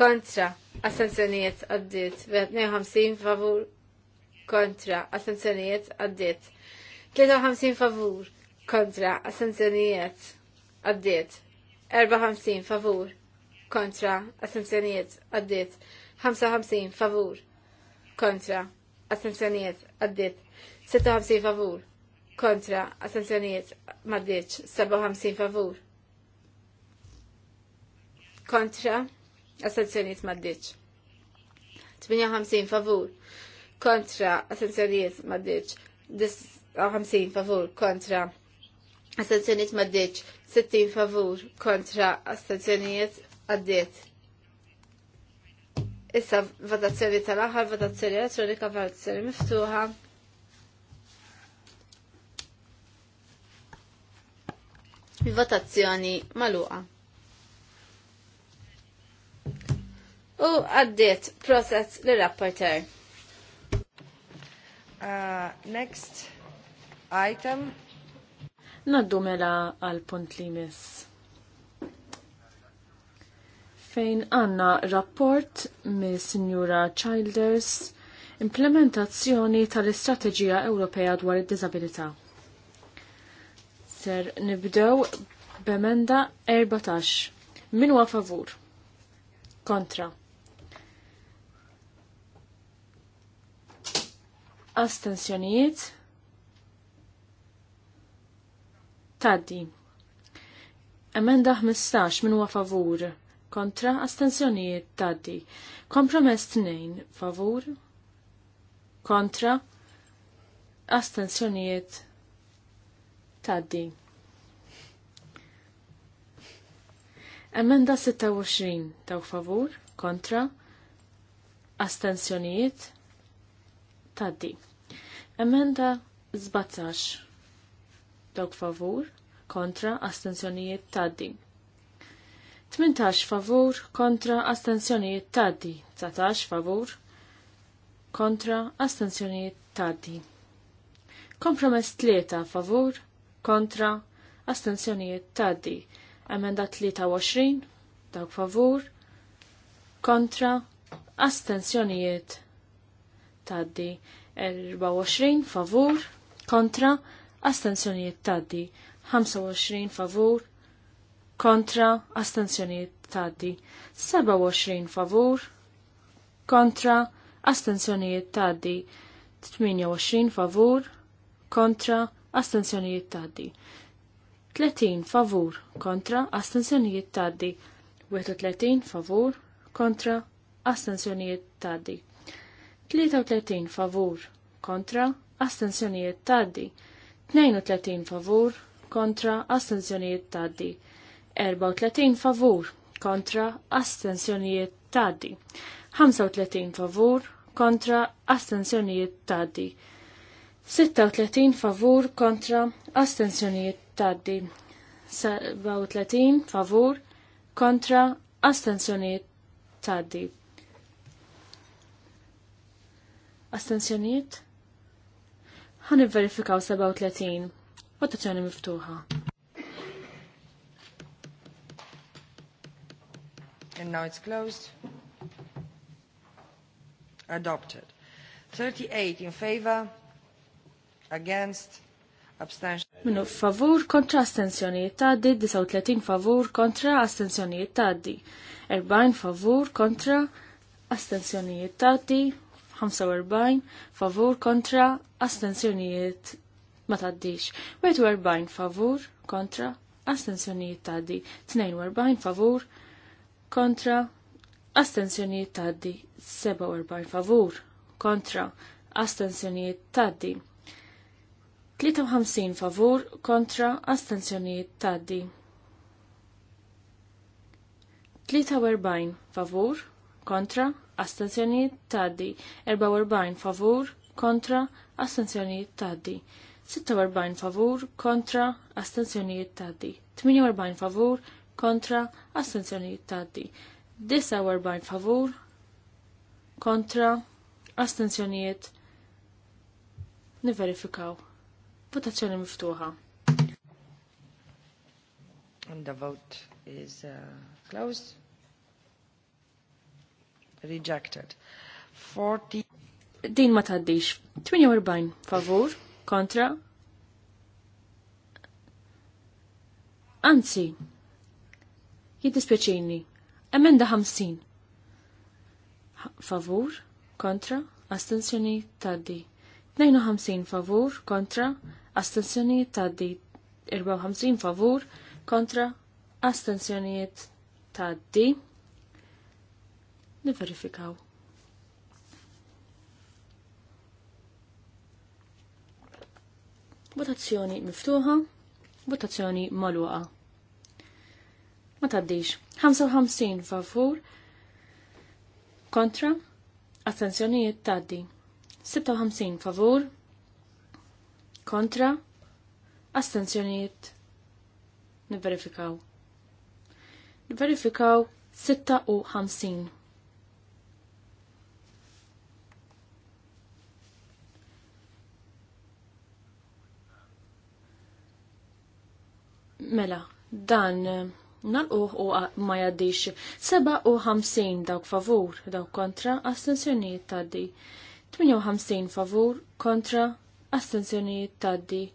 kontra astenzjonijiet għaddit 52 favur kontra astenzjonijiet għaddit 53 favur kontra astenzjonijiet għaddit 54 favur kontra astenzjonijiet għaddit 55 favur kontra astenzjonijiet għaddit 56 favur Kontra, kontra astenzjonijiet maddiċ 57 favur kontra astenzjonijiet maddiċ 58 favur kontra astenzjonijiet maddiċ 59 favur kontra astenzjonijiet maddiċ 60 favur kontra astenzjonijiet għaddiet Issa votazzjoni tal-aħħar, votazzjoni elettronika, votazzjoni miftuħa. Votazzjoni maluqa. U għaddiet process li rapporter. Uh, next item. Naddu mela għal punt li miss. Fejn għanna rapport me Signora Childers implementazzjoni tal-Istrateġija Ewropea dwar id-Disabilità ser nibdew b'emenda 14. Min huwa favur? Kontra. Astensjonijiet? Taddi. Emenda 15 min huwa favur. Kontra astensjonijiet taddi. Kompromess 2 favur. Kontra astensjonijiet taddi. Emenda 26 taw favur, kontra, astensjonijiet, taddi. Emenda 17 taw favur, kontra, astensjonijiet, taddi. 18 favur, kontra, astensjonijiet, taddi. 19 favur, kontra, astensjonijiet, taddi. Kompromess 3 favur, kontra, astenzjonijiet taddi. Emenda 23, dawk favur, kontra, astenzjonijiet taddi. 24 favur, kontra, astenzjonijiet taddi. 25 favur, kontra, astenzjonijiet taddi. 27 favur, kontra, astenzjonijiet taddi. 28 favur, kontra, astensjonijiet taddi. 30 favur kontra astensjonijiet taddi. 31 favur kontra astensjonijiet taddi. 33 favur kontra astensjonijiet taddi. 32 favur kontra astensjonijiet taddi. 34 favur kontra astensjonijiet taddi. 35 favur kontra astensjonijiet taddi. 36 favur kontra astensjonijiet taddi. 37 favur kontra astensjonijiet taddi. Astensjonijiet? Għan verifikaw 37. Votazzjoni miftuħa. And now it's closed. Adopted. 38 in favor, against abstention. Minu favur kontra astensjonijiet taddi, 39 favur kontra astensjonijiet taddi, 40 favur kontra astensjonijiet taddi, 45 favur kontra astensjonijiet ma taddix, 40 favur kontra astensjonijiet taddi, 42 favur kontra astensjonijiet taddi, 47 favur kontra astensjonijiet taddi. 53 favur kontra astenzjonijiet taddi. 43 favur kontra astenzjonijiet taddi. 44 favur kontra astenzjonijiet taddi. 46 favur kontra astenzjonijiet taddi. 48 favur kontra astenzjonijiet taddi. 49 favur kontra astenzjonijiet niverifikaw. Votazzjoni miftuħa. And the vote is uh, closed. Rejected. 40. Din ma taddix. 48 favur, kontra. Anzi, jiddispjaċini. Emenda 50. Favur, kontra, astensjoni taddi. 52 favur kontra astensjonijiet di 54 favur kontra astensjonijiet taddi niverifikaw. Votazzjoni miftuħa, votazzjoni maluqa. Ma taddix. 55 favur kontra astensjonijiet taddi. 56 favur kontra astenzjoniet nivverifikaw nivverifikaw 56. Mela, dan eh, nalquħ u ma jaddix 57 dawk favur, dawk kontra, astenzjonijiet tgħaddi. 58 favur kontra astenzjonijiet taddi.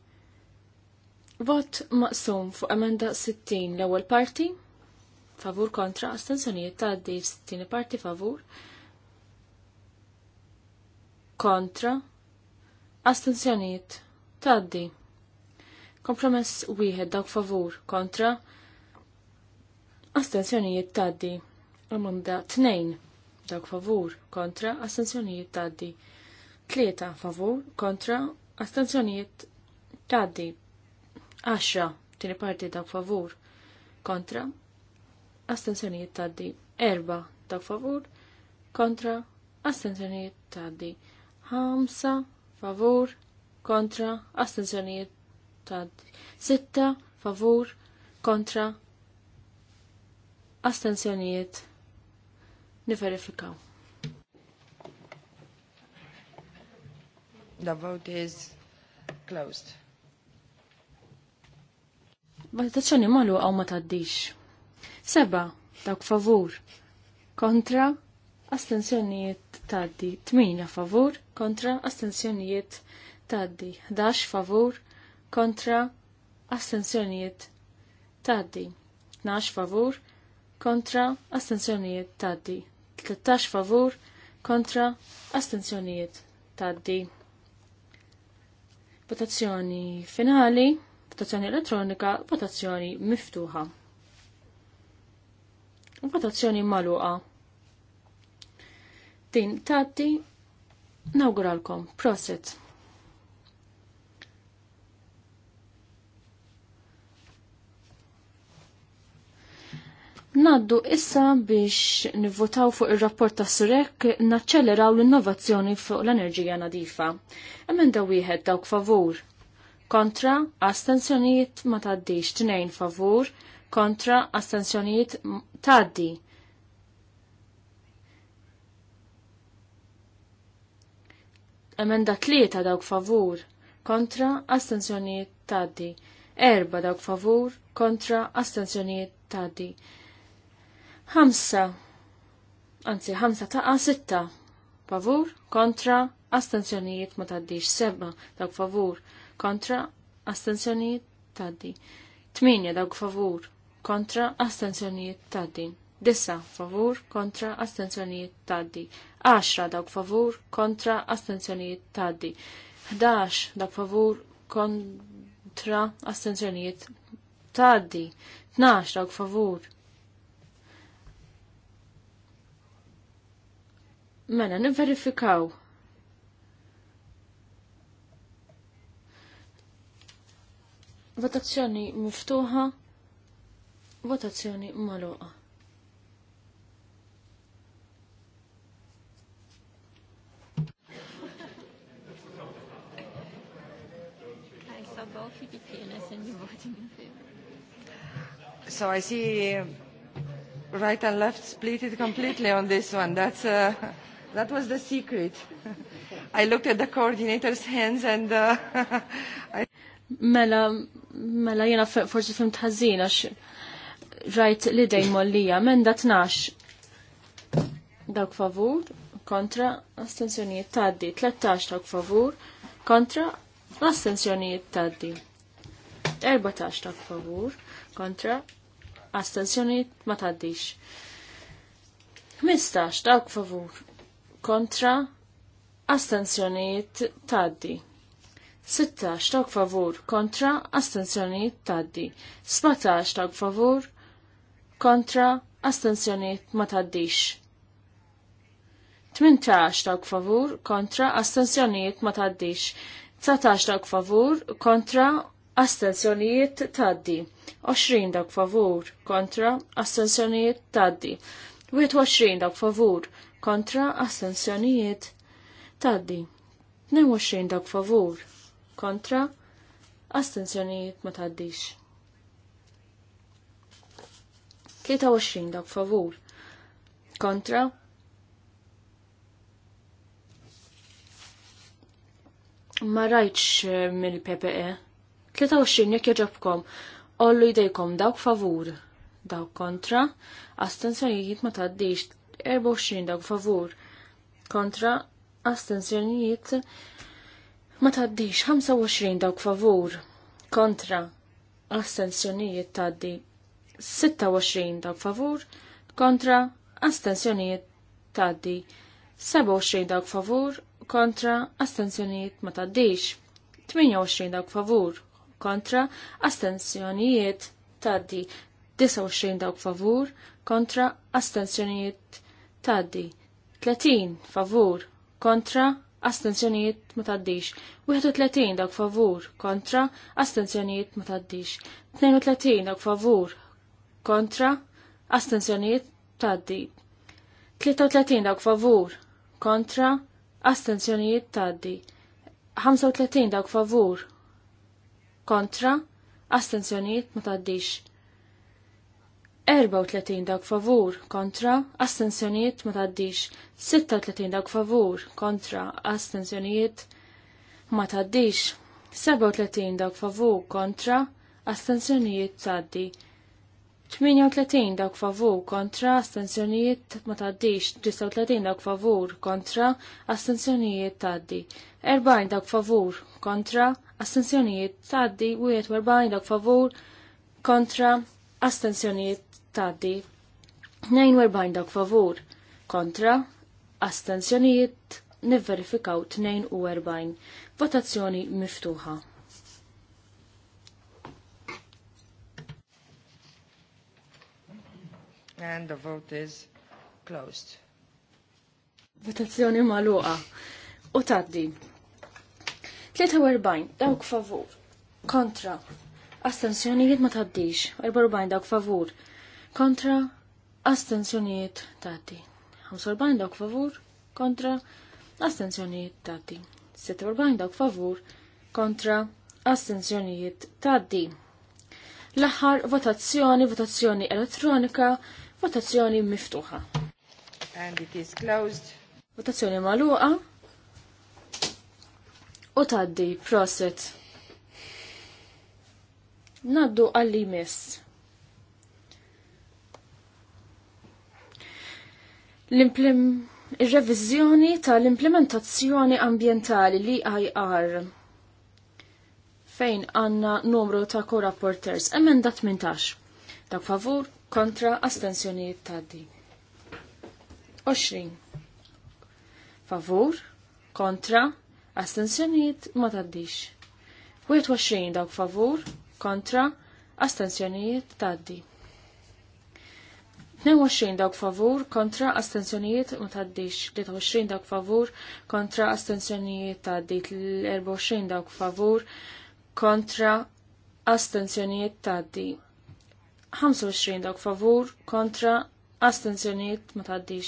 Vot maqsum fuq emenda 60 l-ewwel parti favur kontra astenzjonijiet taddi 60 parti favur kontra astenzjonijiet taddi. Kompromess wieħed dawk favur kontra astenzjonijiet taddi. Amanda 2 dawk favur kontra astenzjonijiet taddi. Tlieta favur kontra astenzjonijiet taddi 10 tieni parti ta' favur kontra astenzjonijiet taddi Erba dak favur kontra astenzjonijiet taddi Hamsa, favur kontra astenzjonijiet taddi Sitta favur kontra astenzjonijiet niverifikaw. The vote is closed. Votazzjoni malu għaw ma taddix. Seba, dawk favur. Kontra, astensjonijiet taddi. Tmina favur, kontra, astensjonijiet taddi. Dax favur, kontra, astensjonijiet taddi. Nax favur, kontra, astensjonijiet taddi. 13 favur, kontra, astensjonijiet taddi. Votazzjoni finali, votazzjoni elettronika, votazzjoni miftuħa. Votazzjoni maluqa. Din tatti nawguralkom. Proset. Naddu issa biex nivvotaw fuq ir-rapport ta' Surek naċċeleraw l-innovazzjoni fuq l-enerġija nadifa. Emenda wieħed dawk favur. Kontra, astensjonijiet ma taddix tnejn favur, kontra, astensjonijiet taddi. Emenda tlieta dawk favur, kontra, astensjonijiet taddi. Erba dawk favur, kontra, astensjonijiet taddi. Ħamsa. Anzi, ħamsa taqa sitta. Favur, kontra, astenzjonijiet ma taddix. Seba, dawk favur, kontra, astenzjonijiet taddi. Tminja dawk favur, kontra, astenzjonijiet taddi. Dissa, favur, kontra, astenzjonijiet taddi. 10 dawk favur kontra astenzjonijiet taddi. 11 dawk favur kontra astenzjonijiet taddi. Tnax dawk favur Mela, niverifikaw. Votazzjoni miftuħa, votazzjoni maluqa. So I see right and left split it completely on this one. That's uh, That was the secret. [laughs] I looked at the coordinator's hands and... Uh, [laughs] I... Mela, mela jena forsi fim għax rajt li dej mollija, menda tnax. Dawk favur, kontra, astensjonijiet taddi. 13 dawk favur, kontra, astensjonijiet taddi. 14 dawk favur, kontra, astensjonijiet ma taddix. 15 dawk favur, kontra astensjonijiet taddi. 16 dawk favur kontra astenzjonijiet taddi. 17 dawk favur kontra astensjonijiet ma taddix. 18 dawk favur kontra astenzjonijiet ma taddix. 19 dawk favur kontra astensjonijiet taddi. 20 dawk favur kontra astensjonijiet taddi. 21 dak favur kontra astensjonijiet taddi. 22 dak favur kontra astensjonijiet ma taddix. 23 dak favur kontra ma rajtx eh, mill-PPE. 23 jekk jaġobkom, ollu jdejkom dawk favur, dawk kontra, astensjonijiet ma taddix 24 dawk favur kontra astensjonijiet ma taddix 25 dawk favur kontra astensjonijiet taddi 26 dawk favur kontra astensjonijiet taddi 27 dawk favur kontra astensjonijiet ma taddix 28 dawk favur kontra astensjonijiet taddi 29 dawk favur kontra astensjonijiet taddi. 30 favur kontra astenzjonijiet ma taddix. 31 dawk favur kontra astenzjonijiet ma taddix. 32 dawk favur kontra astenzjonijiet taddi. 33 dawk favur kontra astenzjonijiet taddi. 35 dawk favur kontra astenzjonijiet ma taddix. 34 dak favur kontra astensjonijiet ma taddix 36 dak favur kontra astensjonijiet ma taddix 37 dak favur kontra astensjonijiet taddi 38 dak favur kontra astensjonijiet ma taddix 39 dak favur kontra astensjonijiet taddi 40 dak favur kontra astensjonijiet taddi 41 dak favur kontra astensjonijiet taddi 42 dak favur kontra astensjonijiet nivverifikaw 42 votazzjoni miftuħa. And the vote is closed. Votazzjoni maluqa. U taddi. 43 dawk favur. Kontra. Astensjonijiet ma taddix. 44 dawk favur kontra astenzjonijiet tati. 45 dawk favur kontra astenzjonijiet tati. 46 dawk favur kontra astenzjonijiet tati. L-aħħar votazzjoni, votazzjoni elettronika, votazzjoni miftuħa. And it is closed. Votazzjoni maluqa u taddi proset. Naddu għalli miss. il revizjoni tal-implementazzjoni ambientali li IR fejn għanna numru ta' co-rapporters emenda 18 dak favur kontra ta' di 20 favur kontra astensjonijiet ma taddix. 21 dak favur kontra astensjonijiet taddi. 22 dawk favur kontra astenzjonijiet ma taddix, 23 dawk favur kontra astenzjonijiet taddit, 24 dawk favur kontra astenzjonijiet taddi. 25 dawk favur kontra astenzjonijiet ma taddix,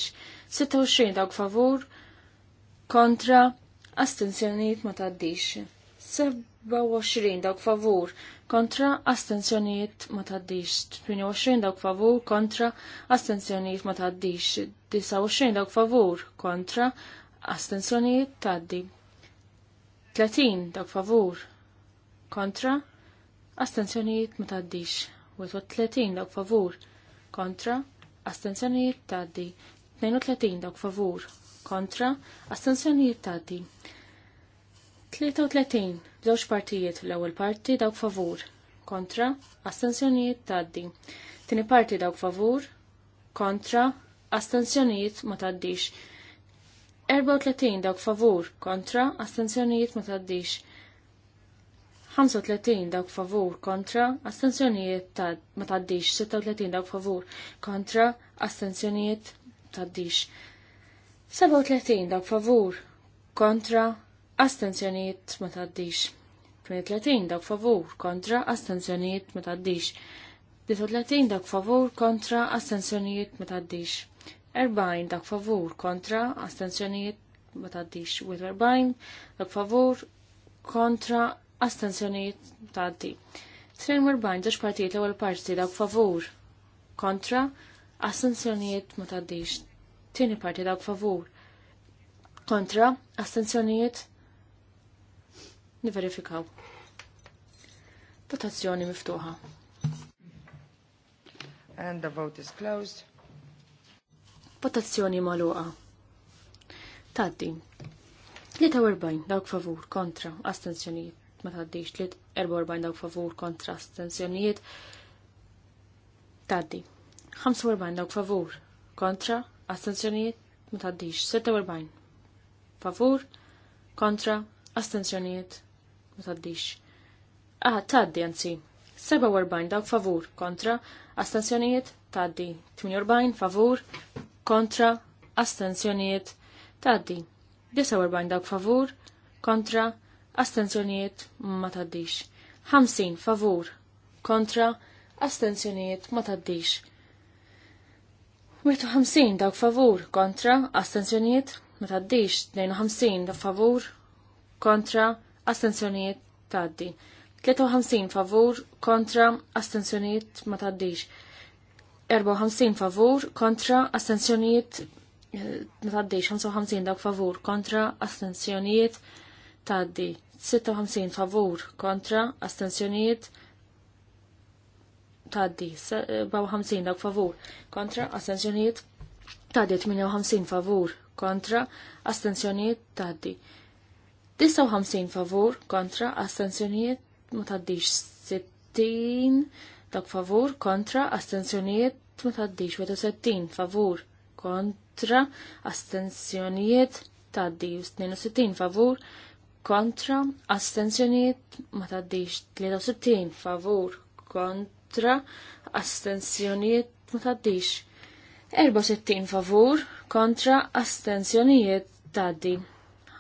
26 dawk favur kontra astenzjonijiet ma taddix. 24 dawk favur kontra astenzjonijiet ma taddix. 28 dawk favur kontra astenzjonijiet ma taddix. 29 dawk favur kontra astenzjonijiet taddi. 30 dawk favur kontra astenzjonijiet ma taddix. 30 dawk favur kontra astenzjonijiet taddi. 32 dawk favur kontra astenzjonijiet taddi. 33. Żewġ partijiet l-ewwel parti dawk favur, kontra, astensjonijiet taddi. Tieni parti dawk favur, kontra, astensjonijiet ma taddix. 34 dawk favur, kontra, astensjonijiet ma taddix. 35 dawk favur, kontra, astensjonijiet ma taddix. 36 dawk favur, kontra, astensjonijiet taddix. 37 dawk favur, kontra, astenzjonijiet ma taddix. 38 dak favur kontra astenzjonijiet ma taddix. 39 dak favur kontra astenzjonijiet ma taddix. 40 dak favur kontra astenzjonijiet ma taddix. 40 dak favur kontra astenzjonijiet ma taddi. 42 dak partijiet l-ewwel parti dak favur kontra astenzjonijiet ma taddix. Tieni parti dak favur kontra astenzjonijiet Niverifikaw. Votazzjoni miftuħa. And the vote is closed. Votazzjoni maluqa. Taddi. 43 dawk favur kontra astenzjonijiet. Ma taddix 44 dawk favur kontra astenzjonijiet. Taddi. 45 dawk favur kontra astenzjonijiet. Ma taddix 46 favur kontra astenzjonijiet ma taddix. Ah, taddi anzi. 47 dawk favur kontra astensjonijiet taddi. 48 favur kontra astensjonijiet taddi. 49 dawk favur kontra astensjonijiet ma taddix. 50 favur kontra astensjonijiet ma taddix. 51 dawk favur kontra astensjonijiet ma taddix. 52 dawk favur kontra astensjonijiet taddi. 53 favur kontra astensjonijiet ma taddix. 54 favur kontra astensjonijiet eh, ma taddix. 55 dak favur kontra astensjonijiet taddi. 56 favur kontra astensjonijiet taddi. 54 dak favur kontra astensjonijiet taddi. 58 favur kontra astensjonijiet taddi. 59 favur kontra astensjonijiet ma 60 dak favur kontra astensjonijiet ma taddix favur kontra astensjonijiet taddi 62 favur kontra astensjonijiet ma 63 favur kontra astensjonijiet ma 64 favur kontra astensjonijiet taddi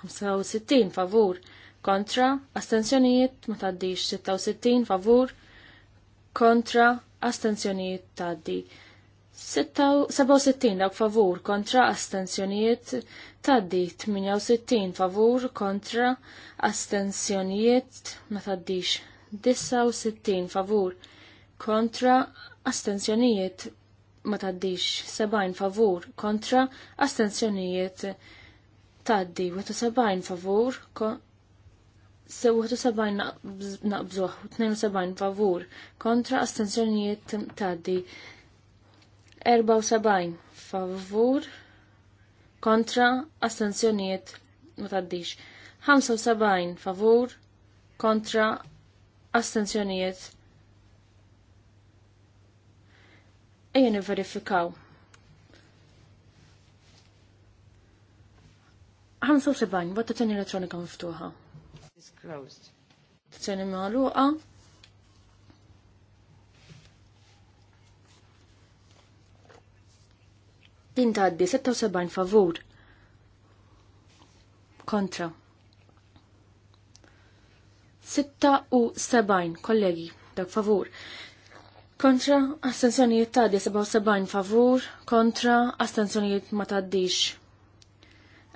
65 favur kontra astenzjonijiet ma taddix 66 favur kontra astenzjonijiet taddi. 67 dawk favur kontra astenzjonijiet taddi 68 favur kontra astenzjonijiet ma taddix 69 favur kontra astenzjonijiet ma taddix 70 favur kontra astenzjonijiet taddi 71 favur ko sew 71 naqbżuħ 72 favur kontra astenzjonijiet taddi 74 favur kontra astenzjonijiet ma taddix 75 favur kontra astenzjonijiet ejja niverifikaw. verifikaw 75, votazzjoni elettronika miftuħa. Is closed. T-tani maħluqa. Din tgħaddi 76 favur. Kontra. 76 kollegi dak favur. Kontra astensjonijiet tgħaddi 77 favur, kontra astensjonijiet ma tgħaddix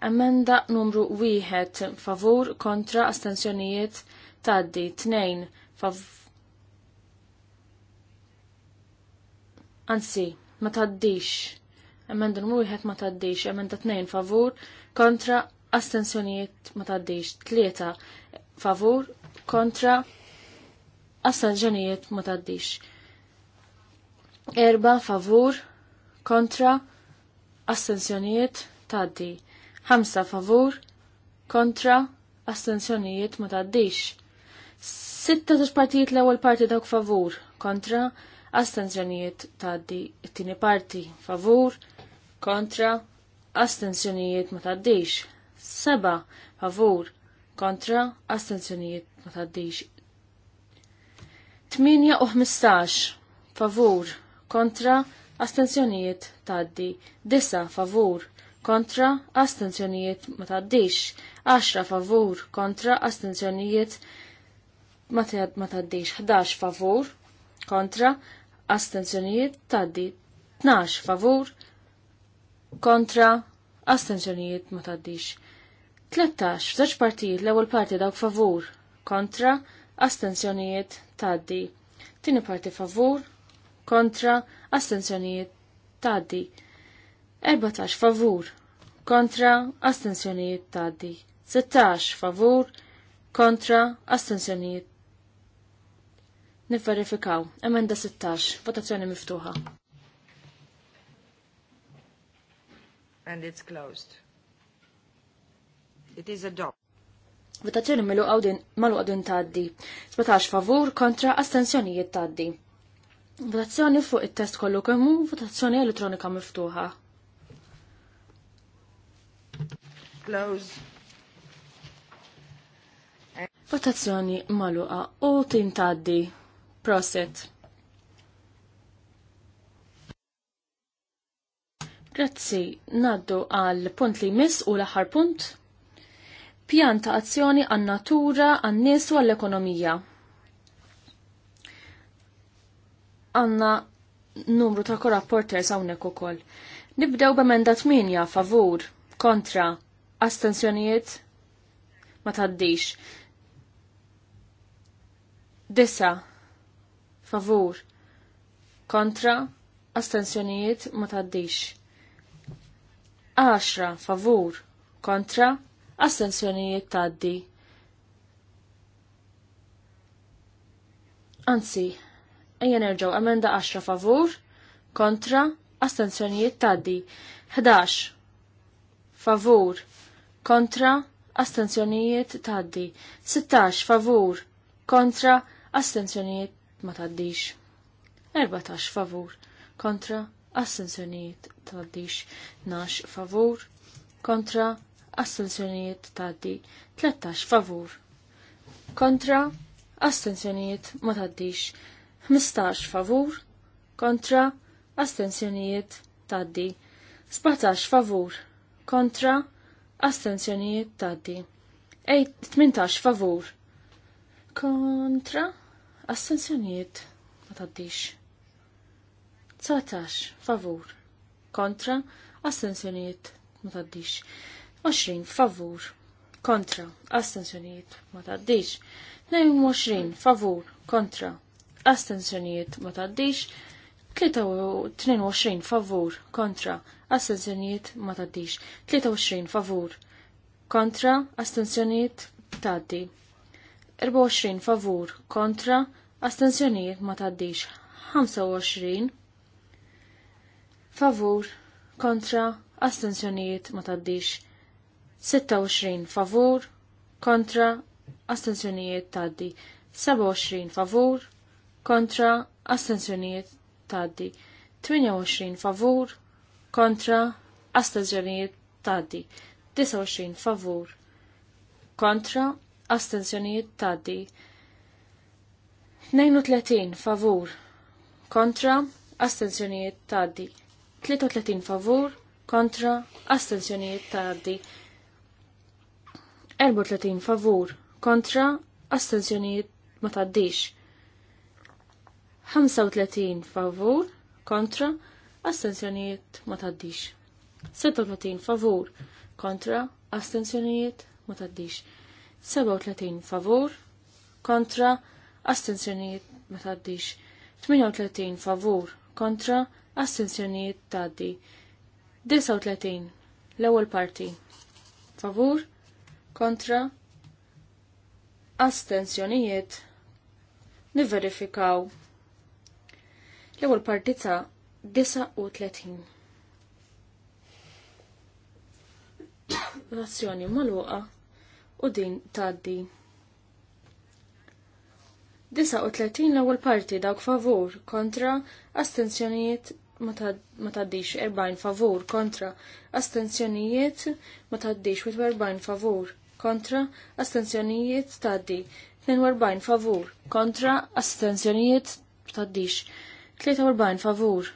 Emenda numru 1 favur kontra astensjonijiet taddi 2 fav Anzi, ma taddix. Emenda numru 1 ma taddix. Emenda 2 favur kontra astensjonijiet ma taddix. 3 favur kontra astensjonijiet ma taddix. Erba favur kontra astensjonijiet taddi. 5 favur kontra astensjonijiet ma taddix. Sitta tux partijiet l-ewwel parti dawk favur kontra astensjonijiet taddi it-tieni parti favur kontra astensjonijiet ma taddix. Seba favur kontra astensjonijiet ma taddix. 8 u 15 favur kontra astensjonijiet taddi. Disa favur kontra astenzjonijiet ma taddix, 10 favur kontra astenzjonijiet ma taddix, 11 favur kontra astenzjonijiet taddi, 12 favur kontra astenzjonijiet ma taddix. 13 f'żewġ partijiet l-ewwel parti dawk favur kontra astenzjonijiet taddi. Tieni parti favur kontra astenzjonijiet taddi. 14 favur kontra astensjonijiet taddi. 16 favur kontra astensjonijiet. Nifverifikaw. Emenda 16. Votazzjoni miftuħa. And it's closed. It is adopted. Votazzjoni malu għadin taddi. 17 favur kontra astensjonijiet taddi. Votazzjoni fuq it-test kollu kemmu, votazzjoni elettronika miftuħa. Close. Votazzjoni maluqa u tintaddi. Proset. Grazzi, naddu għal punt li mis u l-aħħar punt. Pjan ta' azzjoni għan-natura, għan-nies u għall-ekonomija. għanna numru ta' korrapporters għawnek u koll. Nibdew b'emenda minja, favur, kontra, astensjonijiet ma taddix. Disa favur kontra astensjonijiet ma taddix. 10 favur kontra astensjonijiet taddi. Anzi, ejja nerġaw emenda 10 favur kontra astensjonijiet taddi. 11 favur kontra, astenzjonijiet taddi. 16 favur, kontra, astenzjonijiet ma taddix. 14 favur, kontra, astenzjonijiet taddix. 12 favur, kontra, astenzjonijiet taddi. 13 favur, kontra, astenzjonijiet ma taddix. 15 favur, kontra, astenzjonijiet taddi. 17 favur, kontra, Astenzjonijiet tati. Ej, 18 favur. Kontra. Astenzjonijiet ma taddix. 19 favur. Kontra. Astenzjonijiet ma taddix. 20 favur. Kontra. Astenzjonijiet ma taddix. 22 favur. Kontra. Astenzjonijiet ma taddix. 23 favur kontra astenzjonijiet ma taddix. 23 favur kontra astenzjonijiet taddi. 24 favur kontra astenzjonijiet ma taddix. 25 favur kontra astenzjonijiet ma taddix. 26 favur kontra astenzjonijiet taddi. 27 favur kontra astenzjonijiet taddi. 28 favur kontra astenzjonijiet taddi. 29 favur kontra astenzjonijiet taddi. 32 favur kontra astenzjonijiet taddi. 33 favur kontra astenzjonijiet taddi. 34 favur kontra astenzjonijiet ma taddix. 35 favur kontra astenzjonijiet ma taddix. 36 favur kontra astenzjonijiet ma taddix. 37 favur kontra astenzjonijiet ma taddix. 38 favur kontra astenzjonijiet taddi. 39 l-ewwel parti favur kontra astenzjonijiet niverifikaw L-ewwel parti ta' 39. Razzjoni maluqa u din taddi. 39 l-ewwel parti dawk favur kontra astenzjonijiet ma taddix 40 favur kontra astenzjonijiet ma taddix 40 favur kontra astenzjonijiet taddi 42 favur kontra astenzjonijiet taddix 43 favur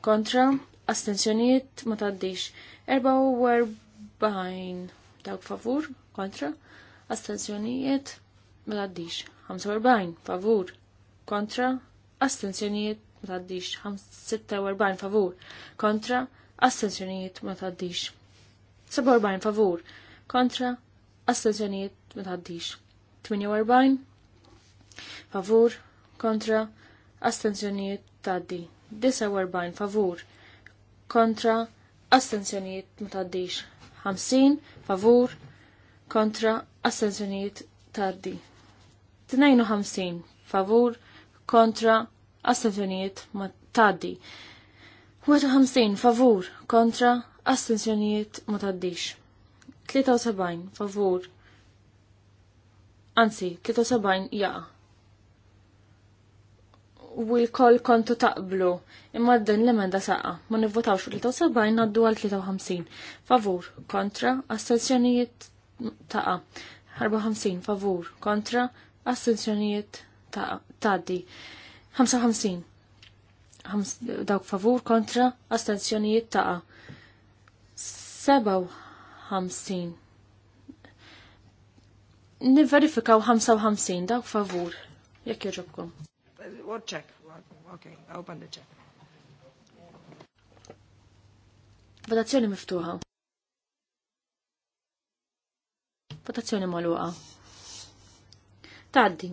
kontra astenzjonijiet ma taddix 44 dawk favur kontra astenzjonijiet ma taddix 45 favur kontra astenzjonijiet ma taddix 46 favur kontra astenzjonijiet ma taddix 47 favur kontra astenzjonijiet ma taddix 48 favur kontra astenzjonijiet taddi 49 favur kontra astenzjonijiet ma taddix 50 favur kontra astenzjonijiet tardi 52 favur kontra astenzjonijiet ma taddi 51 favur kontra astenzjonijiet ma taddix 73 favur anzi 73 jaqa' u l-koll kontu taqblu. Imma din l-emenda saqqa, ma nivvotawx fuq 73 naddu għal 53. Favur, kontra, astenzjonijiet taqqa. 54, favur, kontra, astenzjonijiet taddi. 55, dawk favur, kontra, astenzjonijiet taqqa. 57. Niverifikaw 55 dawk favur, jekk joġobkom. What check? Okay, okay, open the check. Votazzjoni miftuħa. Votazzjoni maluqa. Taddi.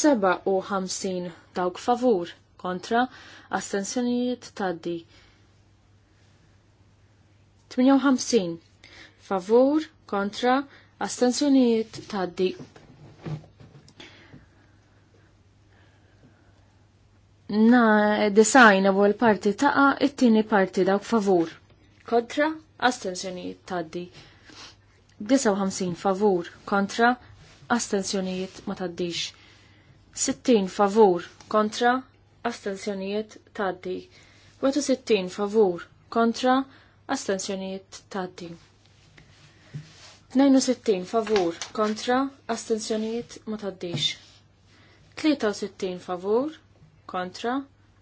57 dawk favur kontra astensjonijiet taddi. 58 favur kontra astensjonijiet taddi na design u l-parti taqa it-tieni parti dawk favur. Kontra, astensjonijiet taddi. 59 favur kontra, astensjonijiet ma taddix. 60 favur kontra, astensjonijiet taddi. 60 favur kontra, astensjonijiet taddi. 62 favur kontra, astensjonijiet ma taddix. 63 favur kontra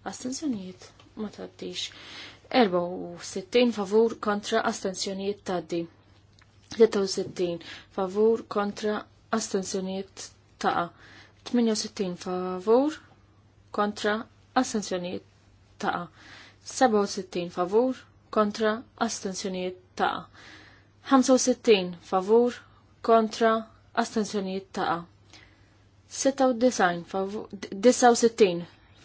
astenzjonijiet ma taddix. 64 favur kontra astenzjonijiet taddi. 63 favur kontra astenzjonijiet taqa. 68 favur kontra astenzjonijiet taqa. 67 favur kontra astenzjonijiet taqa. 65 favur kontra astenzjonijiet taqa. 69 favur,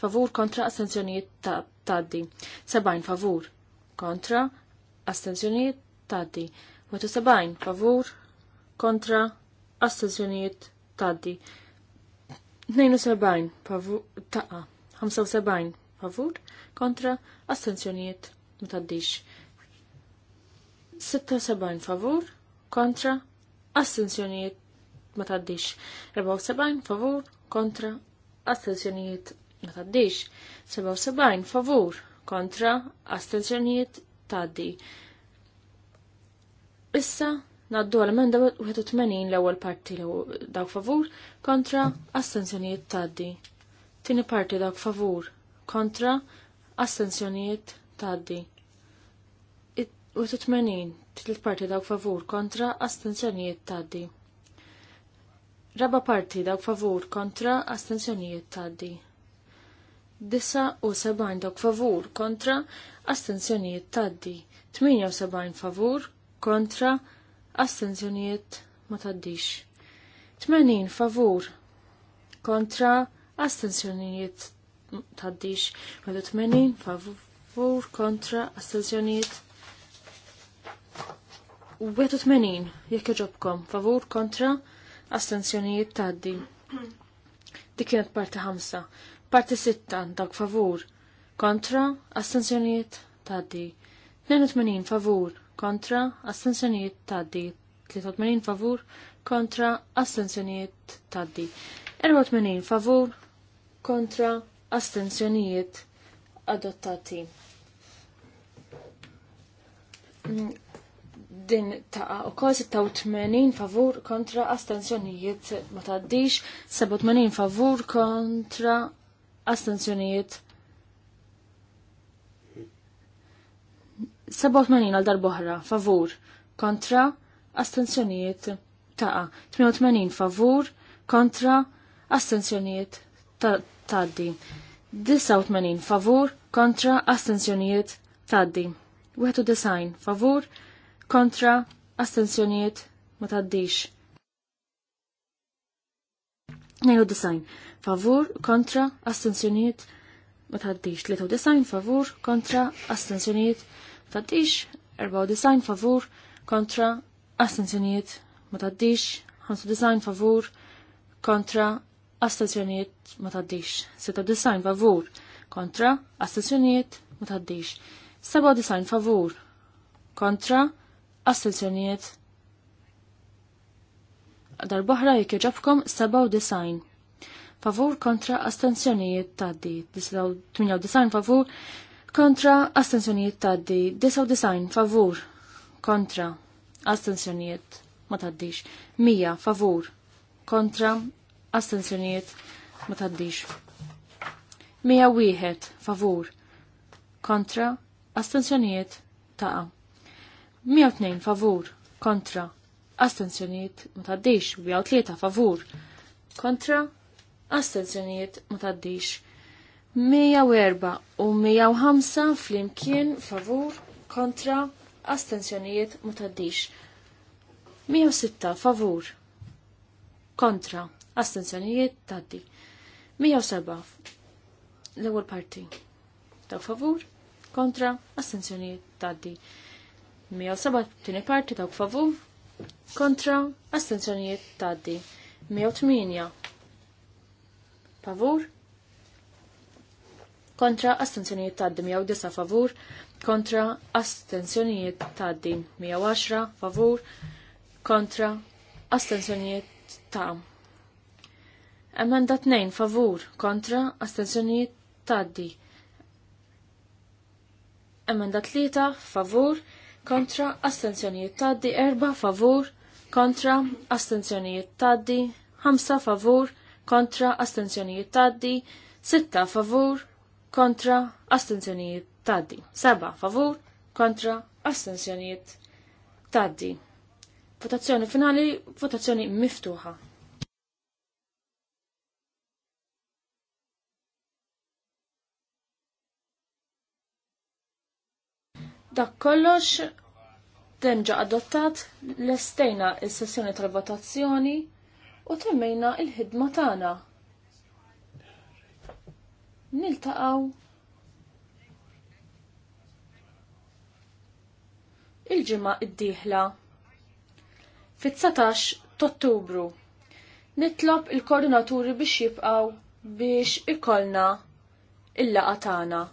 favur kontra astenzjonijiet ta' taddi. 70 favur kontra astenzjonijiet taddi. 70 favur kontra astenzjonijiet taddi. 72 favur taqa. 75 favur kontra astenzjonijiet ma taddix. 76 favur kontra astenzjonijiet ma taddix. 74 favur kontra astenzjonijiet ma taddix. 77 favur kontra astenzjonijiet taddi. Issa naddu għal-emenda 81 l-ewwel parti dawk favur kontra astenzjonijiet taddi. Tini parti dawk favur kontra astenzjonijiet taddi. 81 tliet parti dawk favur kontra astenzjonijiet taddi. Raba parti dawk favur kontra astenzjonijiet taddi. 79 dok favur kontra astenzjonijiet taddi. 78 favur kontra astenzjonijiet ma taddix. 80 favur kontra astenzjonijiet taddix. 80 mela favur kontra astenzjonijiet 81 jekk ġobkom, favur kontra astenzjonijiet taddi. Dik kienet parti ħamsa. Parti sitta dak favur kontra astensjonijiet taddi. 82 favur kontra astensjonijiet taddi. 83 favur kontra astensjonijiet taddi. 84 favur kontra astensjonijiet adottati. Din ta' u kol 86 favur kontra astensjonijiet ma taddix, 87 favur kontra astenzjonijiet 87 għal darboħra favur kontra astenzjonijiet ta' 88 favur kontra astenzjonijiet taddi 89 favur kontra astenzjonijiet taddi 91 favur kontra astenzjonijiet ma taddix favur kontra astenzjoniet, ma taddix 93 favur kontra astenzjoniet, ma taddix 94 favur kontra astenzjoniet, ma taddix 95 favur kontra astenzjoniet, ma taddix 96 favur kontra astenzjoniet, ma taddix 97 favur kontra astensjoniet darbohra jek joġobkom 97 favur kontra astenzjonijiet taddi, 98 favur kontra astenzjonijiet taddi, 99 favur kontra astenzjonijiet ma taddix, 100 favur kontra astenzjonijiet ma taddix. 101 favur kontra astenzjonijiet taqa. 102 favur kontra astenzjonijiet ma taddix, 103 favur kontra astenzjonijiet ma taddix. 104 u 105 flimkien favur kontra astenzjonijiet ma taddix. 106 favur kontra astenzjonijiet taddi. 107 l-ewwel parti ta' favur kontra astenzjonijiet taddi. 107 tieni parti ta' favur kontra astenzjonijiet taddi. 108 favur kontra astenzjonijiet jew disa favur kontra astenzjonijiet taddi 110 favur kontra astenzjonijiet ta' Emenda 2 favur kontra astenzjonijiet taddi Emenda 3 favur kontra astenzjonijiet taddi 4 favur kontra astenzjonijiet taddi 5 favur kontra astenzjonijiet taddi, 6 favur kontra astenzjonijiet taddi, 7 favur kontra astenzjonijiet taddi. Votazzjoni finali, votazzjoni miftuħa. Dak kollox denġa adottat l-estejna il-sessjoni tal-votazzjoni u temmejna il-ħidma tagħna. Niltaqgħu il-ġimgħa d-dieħla fit-19 Ottubru. Nitlob il-koordinaturi biex jibqgħu biex ikollna il-laqa tagħna.